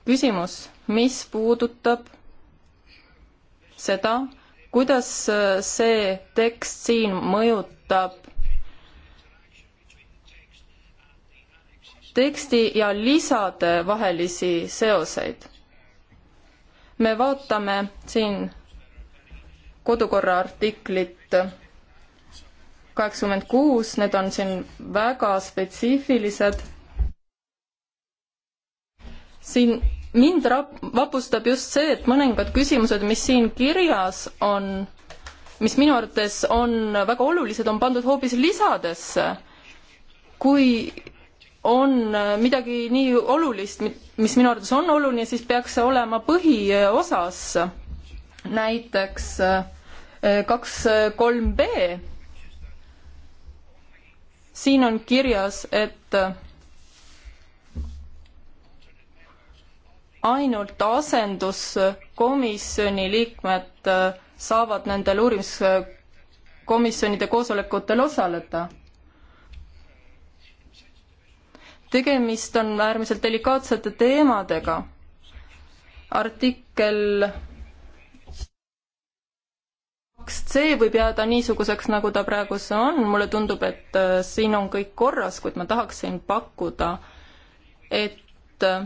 küsimus, mis puudutab seda, kuidas äh, see tekst siin mõjutab teksti ja lisade vahelisi seoseid. me vaatame siin kodukorra artiklit kaheksakümmend kuus, need on siin väga spetsiifilised. siin mind rap-, vapustab just see, et mõningad küsimused, mis siin kirjas on, mis minu arvates on väga olulised, on pandud hoopis lisadesse. kui on midagi nii olulist, mis minu arvates on oluline, siis peaks see olema põhiosas näiteks äh, kaks äh, kolm B. siin on kirjas, et äh, ainult asenduskomisjoni liikmed saavad nendel uurimiskomisjonide koosolekutel osaleda. tegemist on äärmiselt delikaatsete teemadega. artikkel kaks C võib jääda niisuguseks, nagu ta praegu see on, mulle tundub, et äh, siin on kõik korras, kuid ma tahaksin pakkuda, et äh,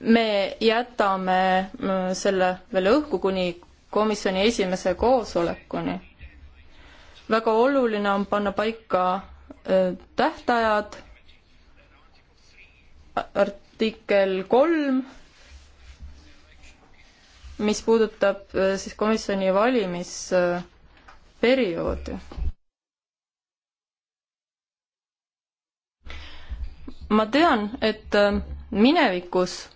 me jätame äh, selle veel õhku kuni komisjoni esimese koosolekuni. väga oluline on panna paika tähtajad, artikkel kolm mis puudutab äh, siis komisjoni valimisperioodi. ma tean, et äh, minevikus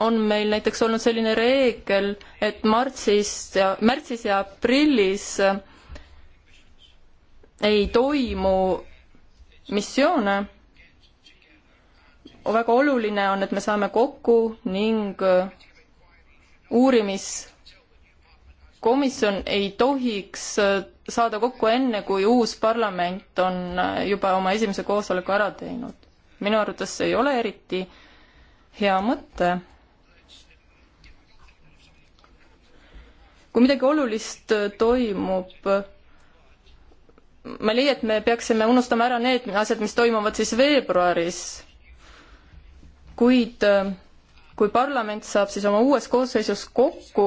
on meil näiteks olnud selline reegel, et märtsis ja, märtsis ja aprillis äh, ei toimu missioone väga oluline on, et me saame kokku ning äh, uurimiskomisjon ei tohiks äh, saada kokku enne, kui uus parlament on äh, juba oma esimese koosoleku ära teinud. minu arvates see ei ole eriti hea mõte. kui midagi olulist toimub, ma ei leia, et me peaksime unustama ära need asjad, mis toimuvad siis veebruaris kuid äh, kui parlament saab siis oma uues koosseisus kokku,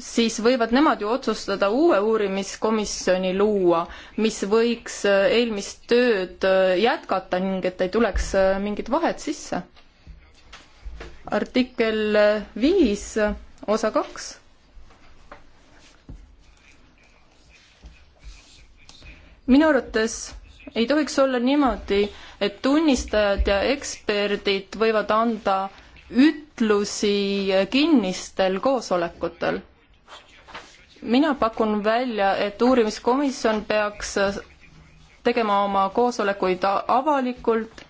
siis võivad nemad ju otsustada uue uurimiskomisjoni luua, mis võiks äh, eelmist tööd äh, jätkata ning et ei tuleks mingit vahet sisse. artikkel viis, osa kaks. minu arvates ei tohiks olla niimoodi, et tunnistajad ja eksperdid võivad anda ütlusi kinnistel koosolekutel. mina pakun välja, et uurimiskomisjon peaks tegema oma koosolekuid avalikult.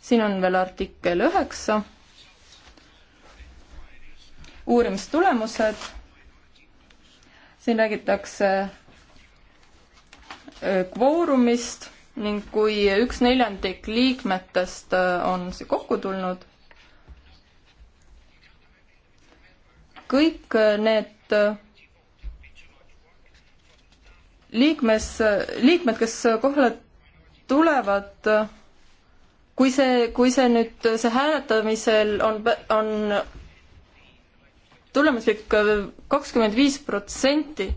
siin on veel artikkel üheksa. uurimistulemused. siin räägitakse Äh, kvoorumist ning kui üks neljandik liikmetest äh, on kokku tulnud, kõik äh, need liikmes, liikmed, kes kohale tulevad, kui see, kui see nüüd, see hääletamisel on, on tulemuslik kakskümmend viis protsenti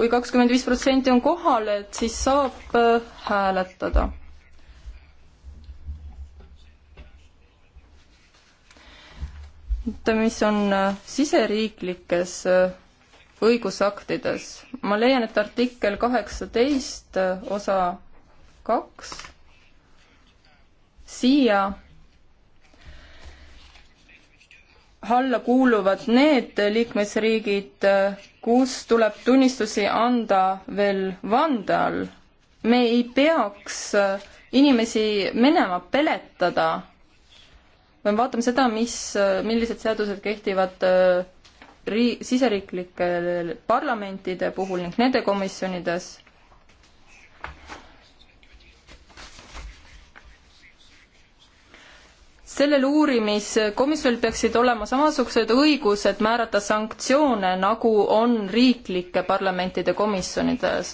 kui kakskümmend viis protsenti on kohal, et siis saab äh, hääletada. et mis on äh, siseriiklikes äh, õigusaktides, ma leian, et artikkel kaheksateist osa kaks siia alla kuuluvad need liikmesriigid, kus tuleb tunnistusi anda veel vande all. me ei peaks inimesi minema peletada. me vaatame seda, mis, millised seadused kehtivad äh, rii-, siseriiklike parlamentide puhul ning nende komisjonides sellel uurimiskomisjonil peaksid olema samasugused õigused määrata sanktsioone, nagu on riiklike parlamentide komisjonides.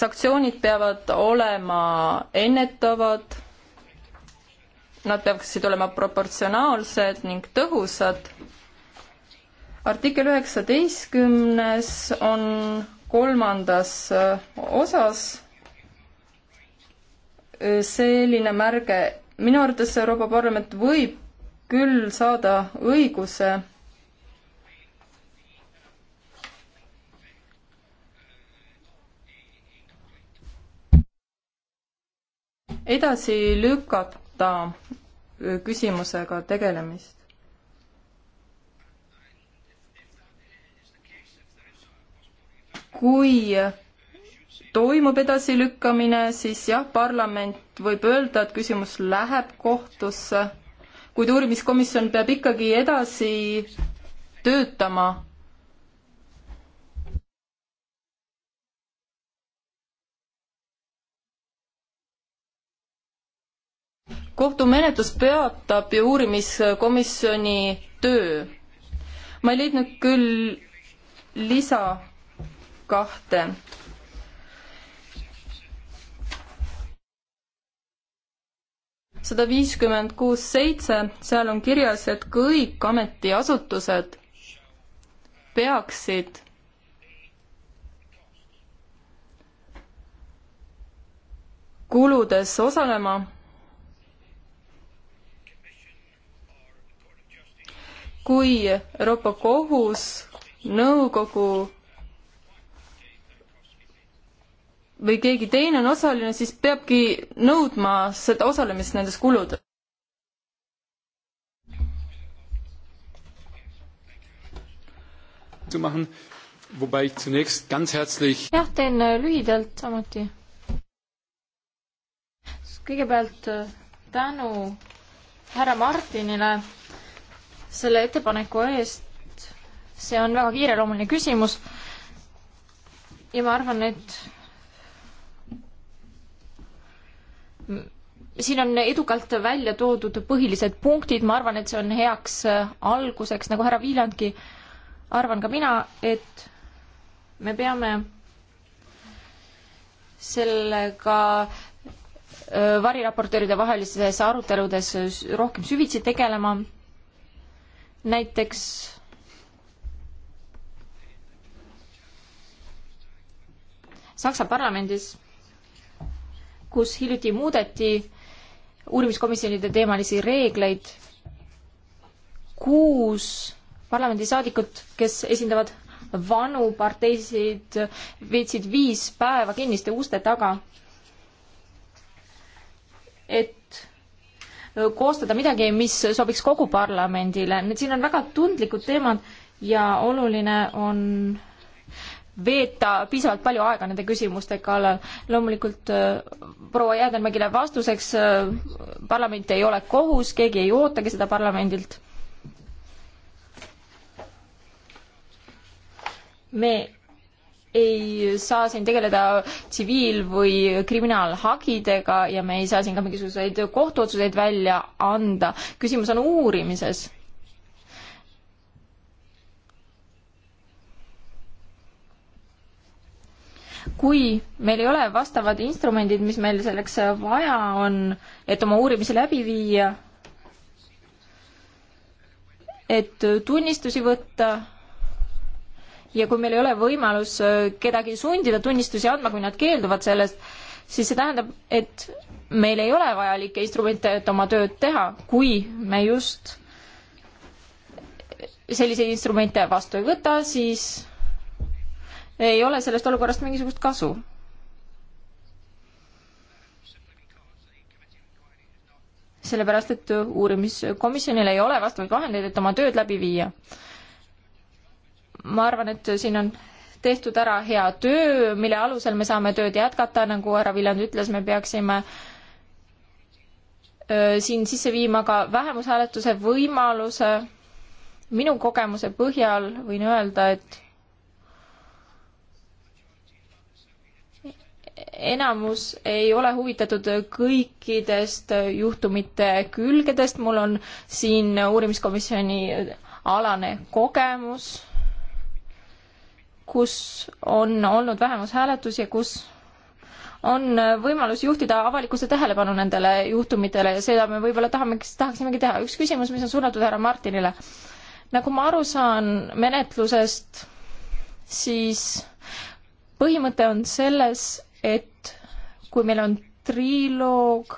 sanktsioonid peavad olema ennetavad, nad peaksid olema proportsionaalsed ning tõhusad. artikkel üheksateistkümnes on kolmandas osas selline märge, minu arvates Euroopa Parlament võib küll saada õiguse edasi lükata küsimusega tegelemist. kui toimub edasilükkamine, siis jah, parlament võib öelda, et küsimus läheb kohtusse, kuid uurimiskomisjon peab ikkagi edasi töötama. kohtumenetlus peatab ju uurimiskomisjoni töö. ma ei leidnud küll lisa kahte sada viiskümmend kuus seitse, seal on kirjas, et kõik ametiasutused peaksid kuludes osalema. kui Euroopa Kohus, nõukogu või keegi teine on osaline, siis peabki nõudma seda osalemist nendes kuludes. jah, teen äh, lühidalt samuti. kõigepealt äh, tänu härra Martinile selle ettepaneku eest. see on väga kiireloomuline küsimus. ja ma arvan, et siin on edukalt välja toodud põhilised punktid, ma arvan, et see on heaks äh, alguseks, nagu härra Viilandki, arvan ka mina, et me peame sellega äh, variraportööride vahelistes aruteludes rohkem süvitsi tegelema. näiteks Saksa parlamendis kus hiljuti muudeti uurimiskomisjonide teemalisi reegleid. kuus parlamendisaadikut, kes esindavad vanu parteisid, veetsid viis päeva kinniste uste taga, et koostada midagi, mis sobiks kogu parlamendile. siin on väga tundlikud teemad ja oluline on veeta piisavalt palju aega nende küsimuste kallal. loomulikult äh, proua Jäädenmägile vastuseks, äh, parlament ei ole kohus, keegi ei ootagi seda parlamendilt. me ei saa siin tegeleda tsiviil- või kriminaalhagidega ja me ei saa siin ka mingisuguseid kohtuotsuseid välja anda. küsimus on uurimises kui meil ei ole vastavad instrumendid, mis meil selleks vaja on, et oma uurimisi läbi viia, et tunnistusi võtta ja kui meil ei ole võimalus kedagi sundida tunnistusi andma, kui nad keelduvad sellest, siis see tähendab, et meil ei ole vajalikke instrumente, et oma tööd teha, kui me just selliseid instrumente vastu ei võta, siis ei ole sellest olukorrast mingisugust kasu. sellepärast, et uurimiskomisjonil ei ole vastavaid vahendeid, et oma tööd läbi viia. ma arvan, et siin on tehtud ära hea töö, mille alusel me saame tööd jätkata, nagu härra Viljand ütles, me peaksime siin sisse viima ka vähemushääletuse võimaluse. minu kogemuse põhjal võin öelda, et enamus ei ole huvitatud kõikidest juhtumite külgedest, mul on siin uurimiskomisjoni alane kogemus, kus on olnud vähemushääletus ja kus on võimalus juhtida avalikkuse tähelepanu nendele juhtumitele ja seda me võib-olla tahame, tahaksimegi teha. üks küsimus, mis on suunatud härra Martinile. nagu ma aru saan menetlusest, siis põhimõte on selles, et kui meil on triloog,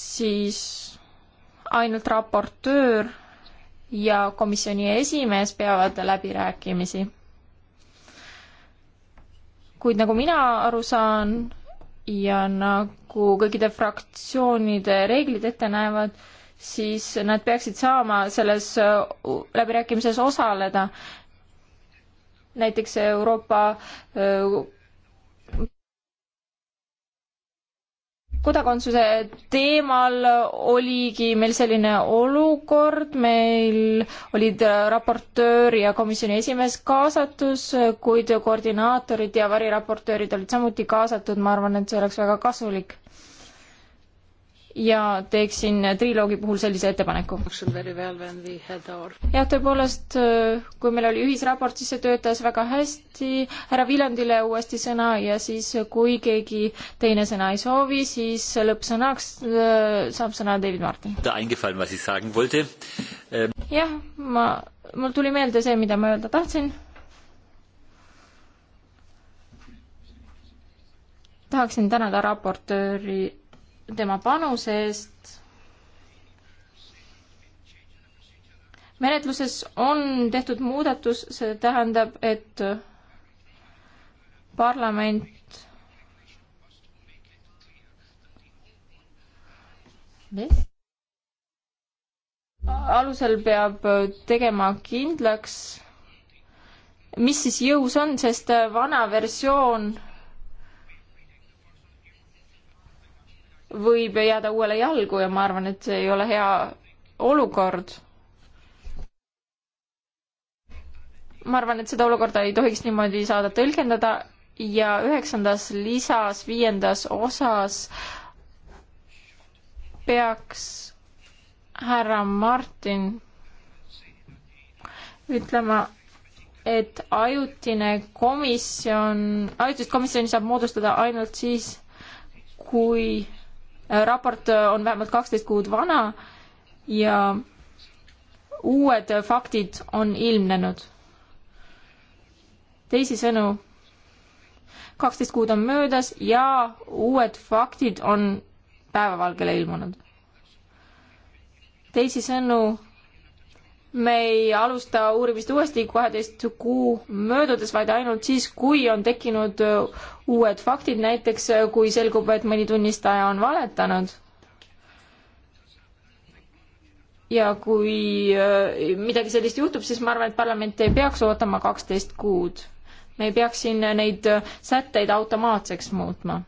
siis ainult raportöör ja komisjoni esimees peavad läbirääkimisi. kuid nagu mina aru saan ja nagu kõikide fraktsioonide reeglid ette näevad, siis nad peaksid saama selles läbirääkimises osaleda näiteks Euroopa kodakondsuse teemal oligi meil selline olukord, meil olid raportöör ja komisjoni esimees kaasatus, kuid koordinaatorid ja variraportöörid olid samuti kaasatud, ma arvan, et see oleks väga kasulik ja teeksin triloogi puhul sellise ettepaneku. jah, tõepoolest, kui meil oli ühisraport, siis see töötas väga hästi, härra Viljandile uuesti sõna ja siis, kui keegi teine sõna ei soovi, siis lõppsõnaks äh, saab sõna David Martin. Ähm, jah, ma, mul tuli meelde see, mida ma öelda tahtsin. tahaksin tänada raportööri tema panuse eest. menetluses on tehtud muudatus, see tähendab, et parlament Vest? alusel peab tegema kindlaks, mis siis jõus on, sest vana versioon võib jääda uuele jalgu ja ma arvan, et see ei ole hea olukord. ma arvan, et seda olukorda ei tohiks niimoodi saada tõlgendada ja üheksandas lisas, viiendas osas peaks härra Martin ütlema, et ajutine komisjon, ajutist komisjoni saab moodustada ainult siis, kui Äh, raport äh, on vähemalt kaksteist kuud vana ja uued äh, faktid on ilmnenud. teisisõnu, kaksteist kuud on möödas ja uued faktid on päevavalgele ilmunud. teisisõnu, me ei alusta uurimist uuesti kaheteist kuu möödudes, vaid ainult siis, kui on tekkinud äh, uued faktid, näiteks äh, kui selgub, et mõni tunnistaja on valetanud. ja kui äh, midagi sellist juhtub, siis ma arvan, et parlament ei peaks ootama kaksteist kuud. me ei peaks siin neid sätteid automaatseks muutma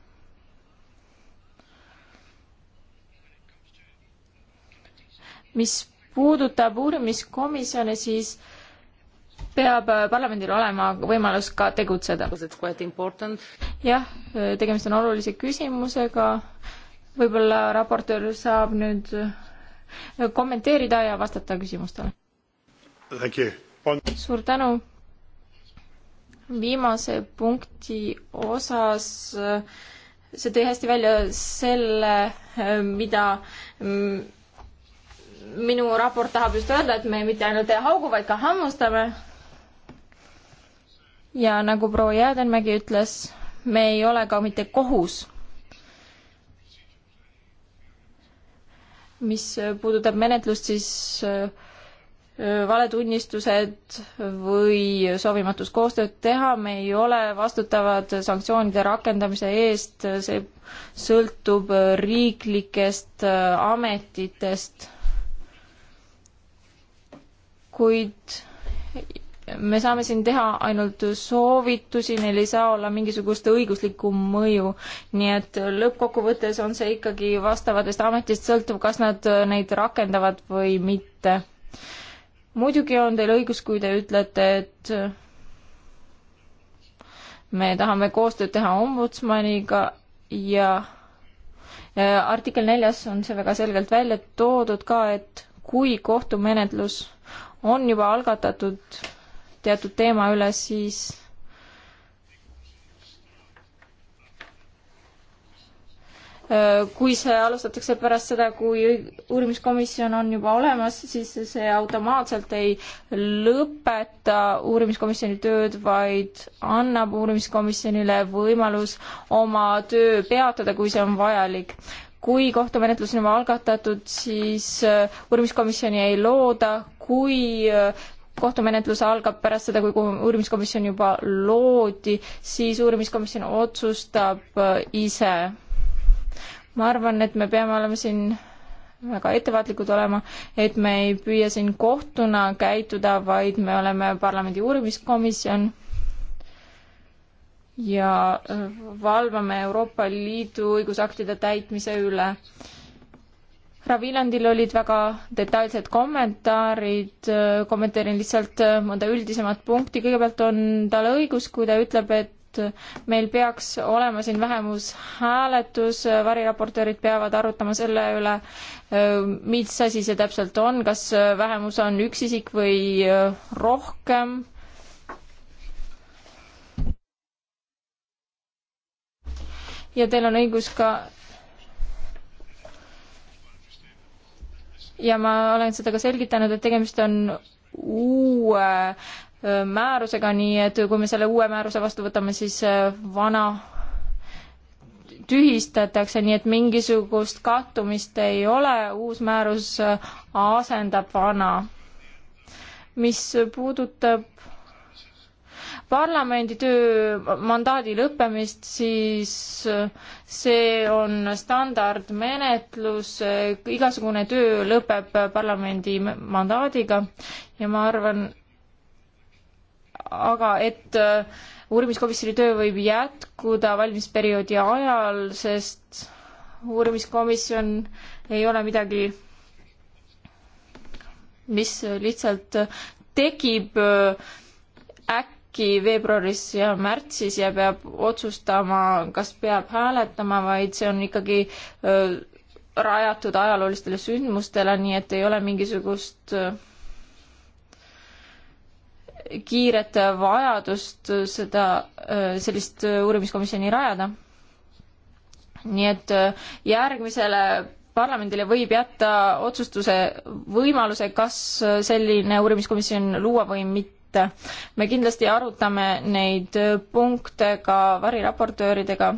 mis puudutab uurimiskomisjone, siis peab parlamendil olema võimalus ka tegutseda. jah, tegemist on olulise küsimusega, võib-olla raportöör saab nüüd kommenteerida ja vastata küsimustele. suur tänu. viimase punkti osas see tõi hästi välja selle, mida minu raport tahab just öelda, et me mitte ainult ei haugu, vaid ka hammustame. ja nagu proua Jäädenmägi ütles, me ei ole ka mitte kohus. mis puudutab menetlust, siis äh, äh, valetunnistused või soovimatus koostööd teha, me ei ole vastutavad sanktsioonide rakendamise eest, see sõltub äh, riiklikest ametitest kuid me saame siin teha ainult soovitusi, neil ei saa olla mingisugust õiguslikku mõju. nii et lõppkokkuvõttes on see ikkagi vastavatest ametist sõltuv, kas nad neid rakendavad või mitte. muidugi on teil õigus, kui te ütlete, et me tahame koostööd teha ombudsmaniga ja artikkel neljas on see väga selgelt välja toodud ka, et kui kohtumenetlus on juba algatatud teatud teema üle, siis äh, kui see alustatakse pärast seda, kui uurimiskomisjon on juba olemas, siis see automaatselt ei lõpeta uurimiskomisjoni tööd, vaid annab uurimiskomisjonile võimalus oma töö peatada, kui see on vajalik. kui kohtumenetlus on juba algatatud, siis äh, uurimiskomisjoni ei looda, kui äh, kohtumenetlus algab pärast seda, kui uurimiskomisjon juba loodi, siis uurimiskomisjon otsustab äh, ise. ma arvan, et me peame olema siin väga ettevaatlikud olema, et me ei püüa siin kohtuna käituda, vaid me oleme parlamendi uurimiskomisjon ja äh, valvame Euroopa Liidu õigusaktide täitmise üle härra Viljandil olid väga detailsed kommentaarid, kommenteerin lihtsalt äh, mõnda üldisemat punkti, kõigepealt on tal õigus, kui ta ütleb, et meil peaks olema siin vähemushääletus, variraportöörid peavad arutama selle üle, äh, mis asi see täpselt on, kas vähemus on üks isik või äh, rohkem ja teil on õigus ka ja ma olen seda ka selgitanud, et tegemist on uue määrusega, nii et kui me selle uue määruse vastu võtame, siis vana tühistatakse, nii et mingisugust kattumist ei ole, uus määrus asendab vana. mis puudutab parlamendi töö mandaadi lõppemist, siis äh, see on standardmenetlus, äh, igasugune töö lõpeb parlamendi mandaadiga ja ma arvan, aga et äh, uurimiskomisjoni töö võib jätkuda valmisperioodi ajal, sest uurimiskomisjon ei ole midagi, mis lihtsalt tekib äkki veebruaris ja märtsis ja peab otsustama, kas peab hääletama, vaid see on ikkagi rajatud ajaloolistele sündmustele, nii et ei ole mingisugust kiiret vajadust seda, sellist uurimiskomisjoni rajada. nii et järgmisele parlamendile võib jätta otsustuse võimaluse, kas selline uurimiskomisjon luua või mitte ette. me kindlasti arutame neid punkte ka variraportööridega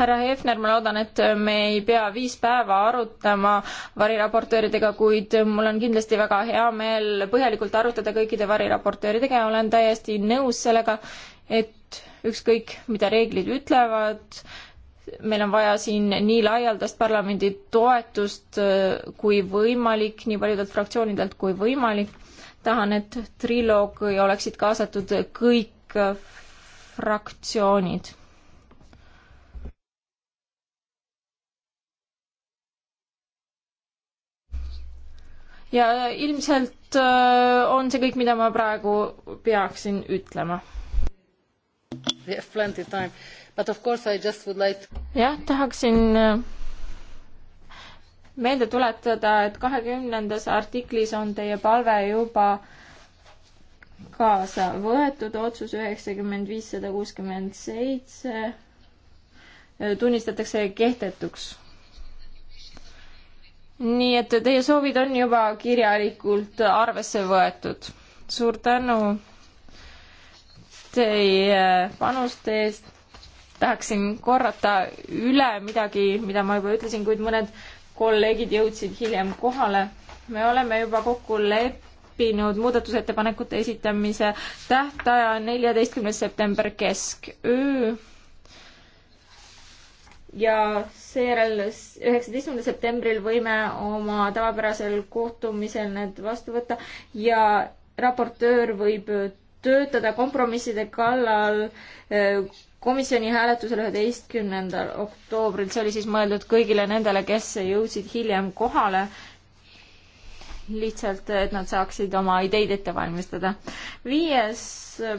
härra Hefner, ma loodan, et me ei pea viis päeva arutama variraportööridega, kuid mul on kindlasti väga hea meel põhjalikult arutada kõikide variraportööridega ja olen täiesti nõus sellega, et ükskõik, mida reeglid ütlevad, meil on vaja siin nii laialdast parlamendi toetust äh, kui võimalik, nii paljudelt fraktsioonidelt kui võimalik. tahan, et triloogi oleksid kaasatud kõik fraktsioonid. ja ilmselt äh, on see kõik, mida ma praegu peaksin ütlema. We have plenty time But of course I just would like to... jah, tahaksin äh, meelde tuletada, et kahekümnendas artiklis on teie palve juba kaasa võetud, otsus üheksakümmend viis, sada kuuskümmend seitse äh, tunnistatakse kehtetuks. nii et teie soovid on juba kirjalikult arvesse võetud. suur tänu teie panuste eest tahaksin korrata üle midagi, mida ma juba ütlesin, kuid mõned kolleegid jõudsid hiljem kohale. me oleme juba kokku leppinud muudatusettepanekute esitamise tähtaja neljateistkümnes september kesköö ja seejärel üheksateistkümnendal septembril võime oma tavapärasel kohtumisel need vastu võtta ja raportöör võib töötada kompromisside kallal komisjoni hääletusel üheteistkümnendal oktoobril, see oli siis mõeldud kõigile nendele, kes jõudsid hiljem kohale, lihtsalt, et nad saaksid oma ideid ette valmistada. viies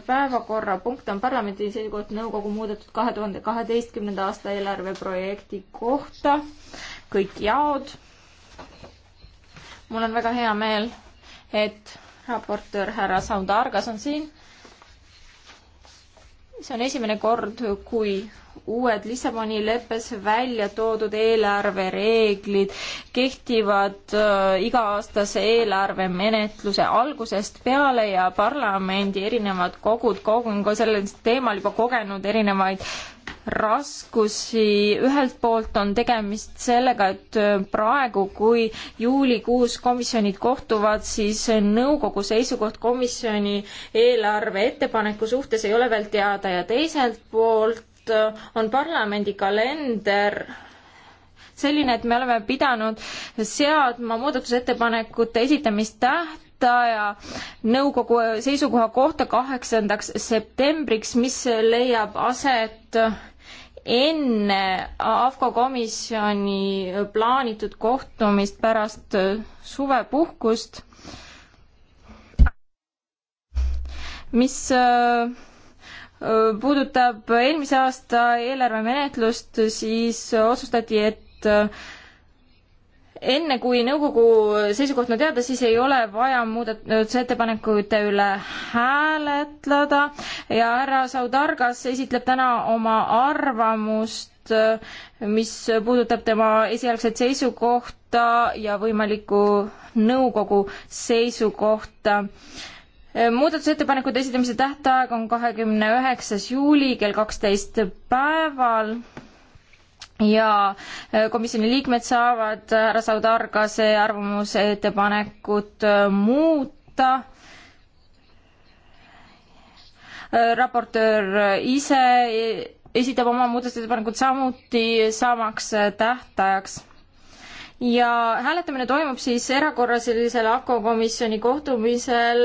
päevakorrapunkt on parlamendi seisukoht nõukogu muudetud kahe tuhande kaheteistkümnenda aasta eelarveprojekti kohta, kõik jaod. mul on väga hea meel, et raportöör härra Saundargas on siin see on esimene kord, kui uued Lissaboni leppes välja toodud eelarvereeglid kehtivad äh, iga-aastase eelarvemenetluse algusest peale ja parlamendi erinevad kogud kogu- on ka sellel teemal juba kogenud erinevaid äh, raskusi, ühelt poolt on tegemist sellega, et praegu, kui juulikuus komisjonid kohtuvad, siis nõukogu seisukoht komisjoni eelarve ettepaneku suhtes ei ole veel teada ja teiselt poolt on parlamendi kalender selline, et me oleme pidanud seadma muudatusettepanekute esitamist täht-, tähtaja nõukogu seisukoha kohta kaheksandaks septembriks, mis leiab aset enne AFCO komisjoni plaanitud kohtumist pärast suvepuhkust, mis äh, puudutab eelmise aasta eelarvemenetlust, siis otsustati, et enne kui nõukogu seisukoht on teada, siis ei ole vaja muudatusettepanekute üle hääletada ja härra Saudargas esitleb täna oma arvamust, mis puudutab tema esialgset seisukohta ja võimalikku nõukogu seisukohta muudatusettepanekute esitamise tähtaeg on kahekümne üheksas juuli kell kaksteist päeval ja äh, komisjoni liikmed saavad äh, härra Saudarga see arvamuse ettepanekut äh, muuta. raportöör ise esitab oma muudatusettepanekud samuti samaks tähtajaks ja hääletamine toimub siis erakorralisel ACO komisjoni kohtumisel.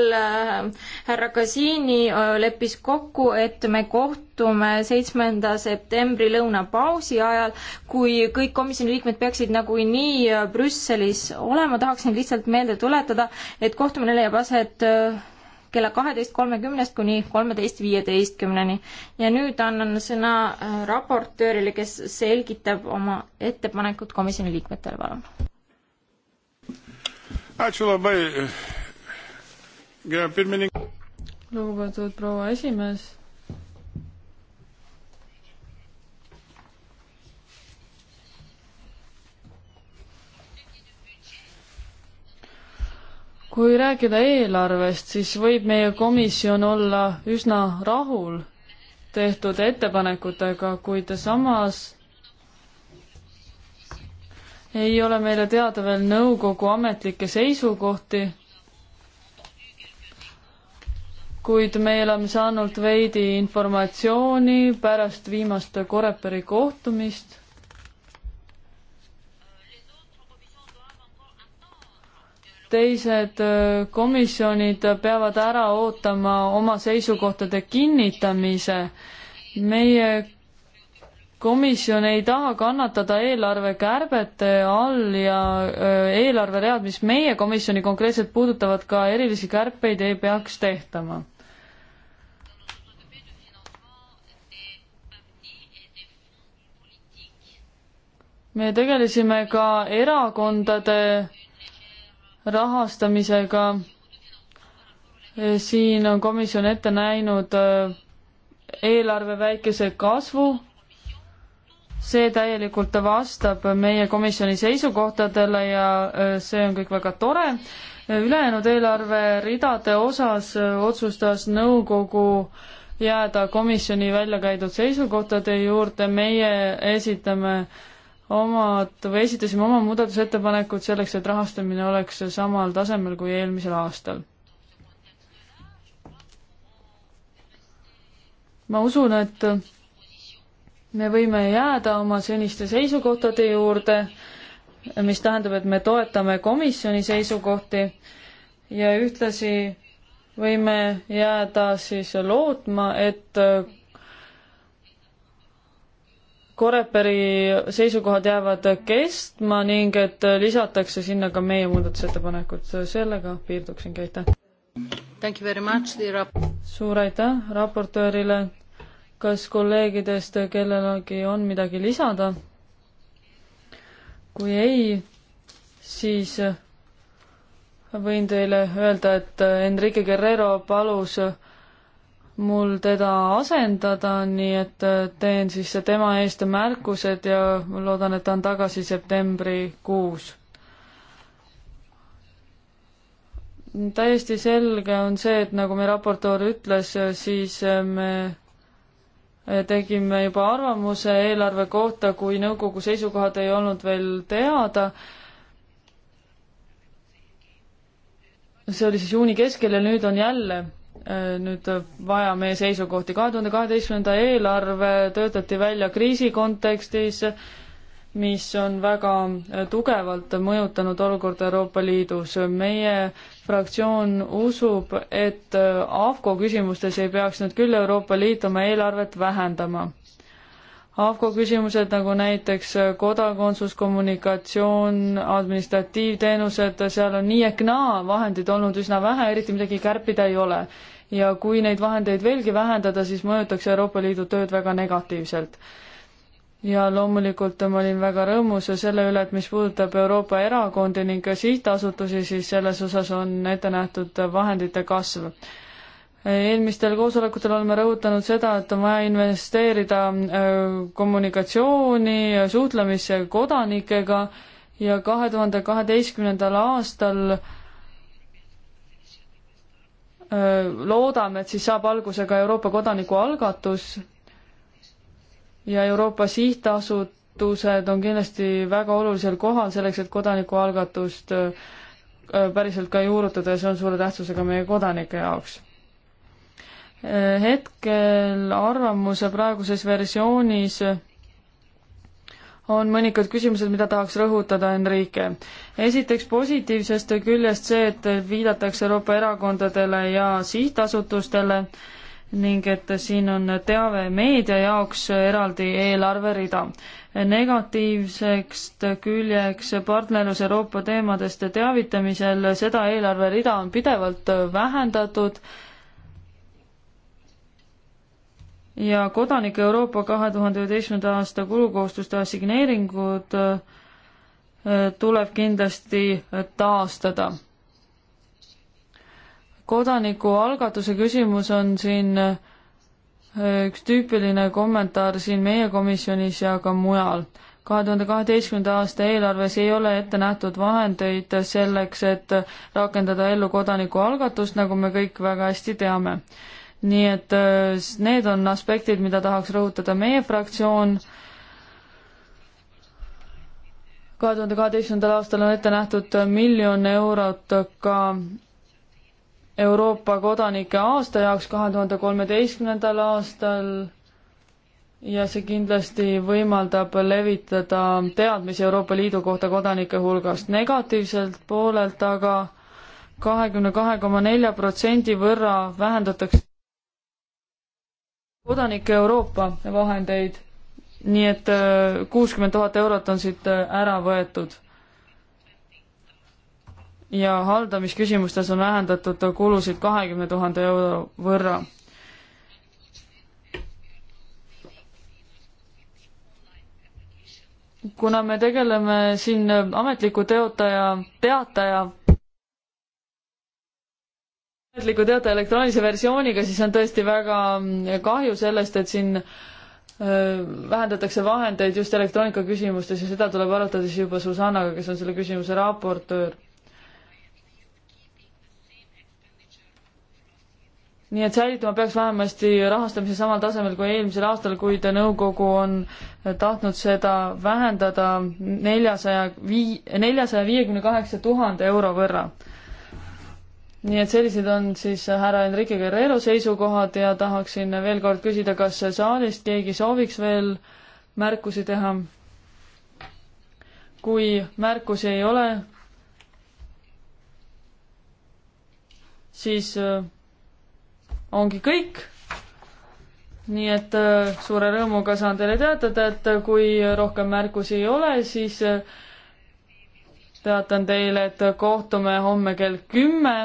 härra Kasiini äh, leppis kokku, et me kohtume seitsmenda septembri lõunapausi ajal, kui kõik komisjoni liikmed peaksid nagunii äh, Brüsselis olema. tahaksin lihtsalt meelde tuletada, et kohtumine leiab aset äh, kella kaheteist kolmekümnest kuni kolmeteist viieteistkümneni. ja nüüd annan sõna äh, raportöörile, kes selgitab oma ettepanekut komisjoni liikmetele, palun. Äh, lugupeetud proua esimees kui rääkida eelarvest, siis võib meie komisjon olla üsna rahul tehtud ettepanekutega, kuid samas ei ole meile teada veel nõukogu ametlikke seisukohti. kuid me oleme saanud veidi informatsiooni pärast viimast Coreperi kohtumist teised äh, komisjonid peavad ära ootama oma seisukohtade kinnitamise. meie komisjon ei taha kannatada eelarvekärbete all ja äh, eelarveread, mis meie komisjoni konkreetselt puudutavad, ka erilisi kärpeid ei peaks tehtama me tegelesime ka erakondade rahastamisega siin on komisjon ette näinud äh, eelarve väikese kasvu, see täielikult vastab meie komisjoni seisukohtadele ja äh, see on kõik väga tore. Äh, ülejäänud eelarveridade osas otsustas nõukogu jääda komisjoni välja käidud seisukohtade juurde, meie esitame äh, omad või esitasime oma muudatusettepanekud selleks, et rahastamine oleks samal tasemel kui eelmisel aastal. ma usun, et me võime jääda oma seniste seisukohtade juurde, mis tähendab, et me toetame komisjoni seisukohti ja ühtlasi võime jääda siis lootma, et Koreperi seisukohad jäävad kestma ning et lisatakse sinna ka meie muudatusettepanekud. sellega piirduksingi, aitäh! suur aitäh raportöörile. kas kolleegidest kellelgi on midagi lisada? kui ei, siis võin teile öelda, et Enrique Guerrero palus mul teda asendada, nii et äh, teen siis tema eest märkused ja loodan, et ta on tagasi septembrikuus täiesti selge on see, et nagu meie raportöör ütles, siis äh, me äh, tegime juba arvamuse eelarve kohta, kui nõukogu seisukohad ei olnud veel teada. see oli siis juuni keskel ja nüüd on jälle Äh, nüüd vaja meie seisukohti. kahe tuhande kaheteistkümnenda eelarve töötati välja kriisi kontekstis, mis on väga äh, tugevalt mõjutanud olukorda Euroopa Liidus. meie fraktsioon usub, et äh, AFCO küsimustes ei peaks nüüd küll Euroopa Liit oma eelarvet vähendama. AFCO küsimused nagu näiteks kodakondsus, kommunikatsioon, administratiivteenused, seal on nii ehk naa vahendid olnud üsna vähe, eriti midagi kärpida ei ole ja kui neid vahendeid veelgi vähendada, siis mõjutaks Euroopa Liidu tööd väga negatiivselt. ja loomulikult ma olin väga rõõmus selle üle, et mis puudutab Euroopa erakondi ning ka sihtasutusi, siis selles osas on ette nähtud vahendite kasv eelmistel koosolekutel oleme rõhutanud seda, et on vaja investeerida äh, kommunikatsiooni, suhtlemisse kodanikega ja kahe tuhande kaheteistkümnendal aastal loodame, et siis saab alguse ka Euroopa kodanikualgatus ja Euroopa sihtasutused on kindlasti väga olulisel kohal selleks, et kodanikualgatust päriselt ka juurutada ja see on suure tähtsusega meie kodanike jaoks. hetkel arvamuse praeguses versioonis on mõnikord küsimused, mida tahaks rõhutada, Enrique. esiteks positiivsest küljest see, et viidatakse Euroopa erakondadele ja sihtasutustele ning et siin on teave meedia jaoks eraldi eelarverida. negatiivsest küljeks partnerlus Euroopa teemadest teavitamisel, seda eelarverida on pidevalt vähendatud ja kodanike Euroopa kahe tuhande üheteistkümnenda aasta kulukohustuste assigneeringud äh, tuleb kindlasti taastada. kodanikualgatuse küsimus on siin äh, üks tüüpiline kommentaar siin meie komisjonis ja ka mujal. kahe tuhande kaheteistkümnenda aasta eelarves ei ole ette nähtud vahendeid selleks, et rakendada ellu kodanikualgatust, nagu me kõik väga hästi teame nii et äh, need on aspektid, mida tahaks rõhutada meie fraktsioon. kahe tuhande kaheteistkümnendal aastal on ette nähtud äh, miljon eurot ka Euroopa kodanike aasta jaoks kahe tuhande kolmeteistkümnendal aastal ja see kindlasti võimaldab levitada teadmisi Euroopa Liidu kohta kodanike hulgast negatiivselt poolelt aga, aga kahekümne kahe koma nelja protsendi võrra vähendatakse kodanike Euroopa vahendeid, nii et äh, kuuskümmend tuhat eurot on siit äh, ära võetud. ja haldamisküsimustes on vähendatud kulusid kahekümne tuhande euro võrra. kuna me tegeleme siin ametliku teotaja, teataja ametliku teate elektroonilise versiooniga, siis on tõesti väga mm, kahju sellest, et siin vähendatakse vahendeid just elektroonika küsimustes ja seda tuleb arutada siis juba Susannaga, kes on selle küsimuse raportöör. nii et säilitama peaks vähemasti rahastamise samal tasemel kui eelmisel aastal, kuid nõukogu on tahtnud seda vähendada neljasaja vii-, neljasaja viiekümne kaheksa tuhande euro võrra nii et sellised on siis härra Enrique Guerrero seisukohad ja tahaksin veel kord küsida, kas saalist keegi sooviks veel märkusi teha? kui märkusi ei ole, siis äh, ongi kõik. nii et äh, suure rõõmuga saan teile teatada, et kui rohkem märkusi ei ole, siis äh, teatan teile, et kohtume homme kell kümme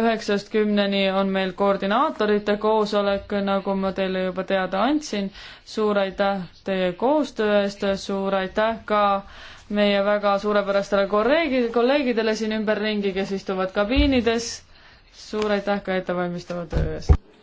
üheksast kümneni on meil koordinaatorite koosolek, nagu ma teile juba teada andsin. suur aitäh teie koostöö eest, suur aitäh ka meie väga suurepärastele kolleegi, kolleegidele siin ümberringi, kes istuvad kabiinides. suur aitäh ka ettevalmistava töö eest.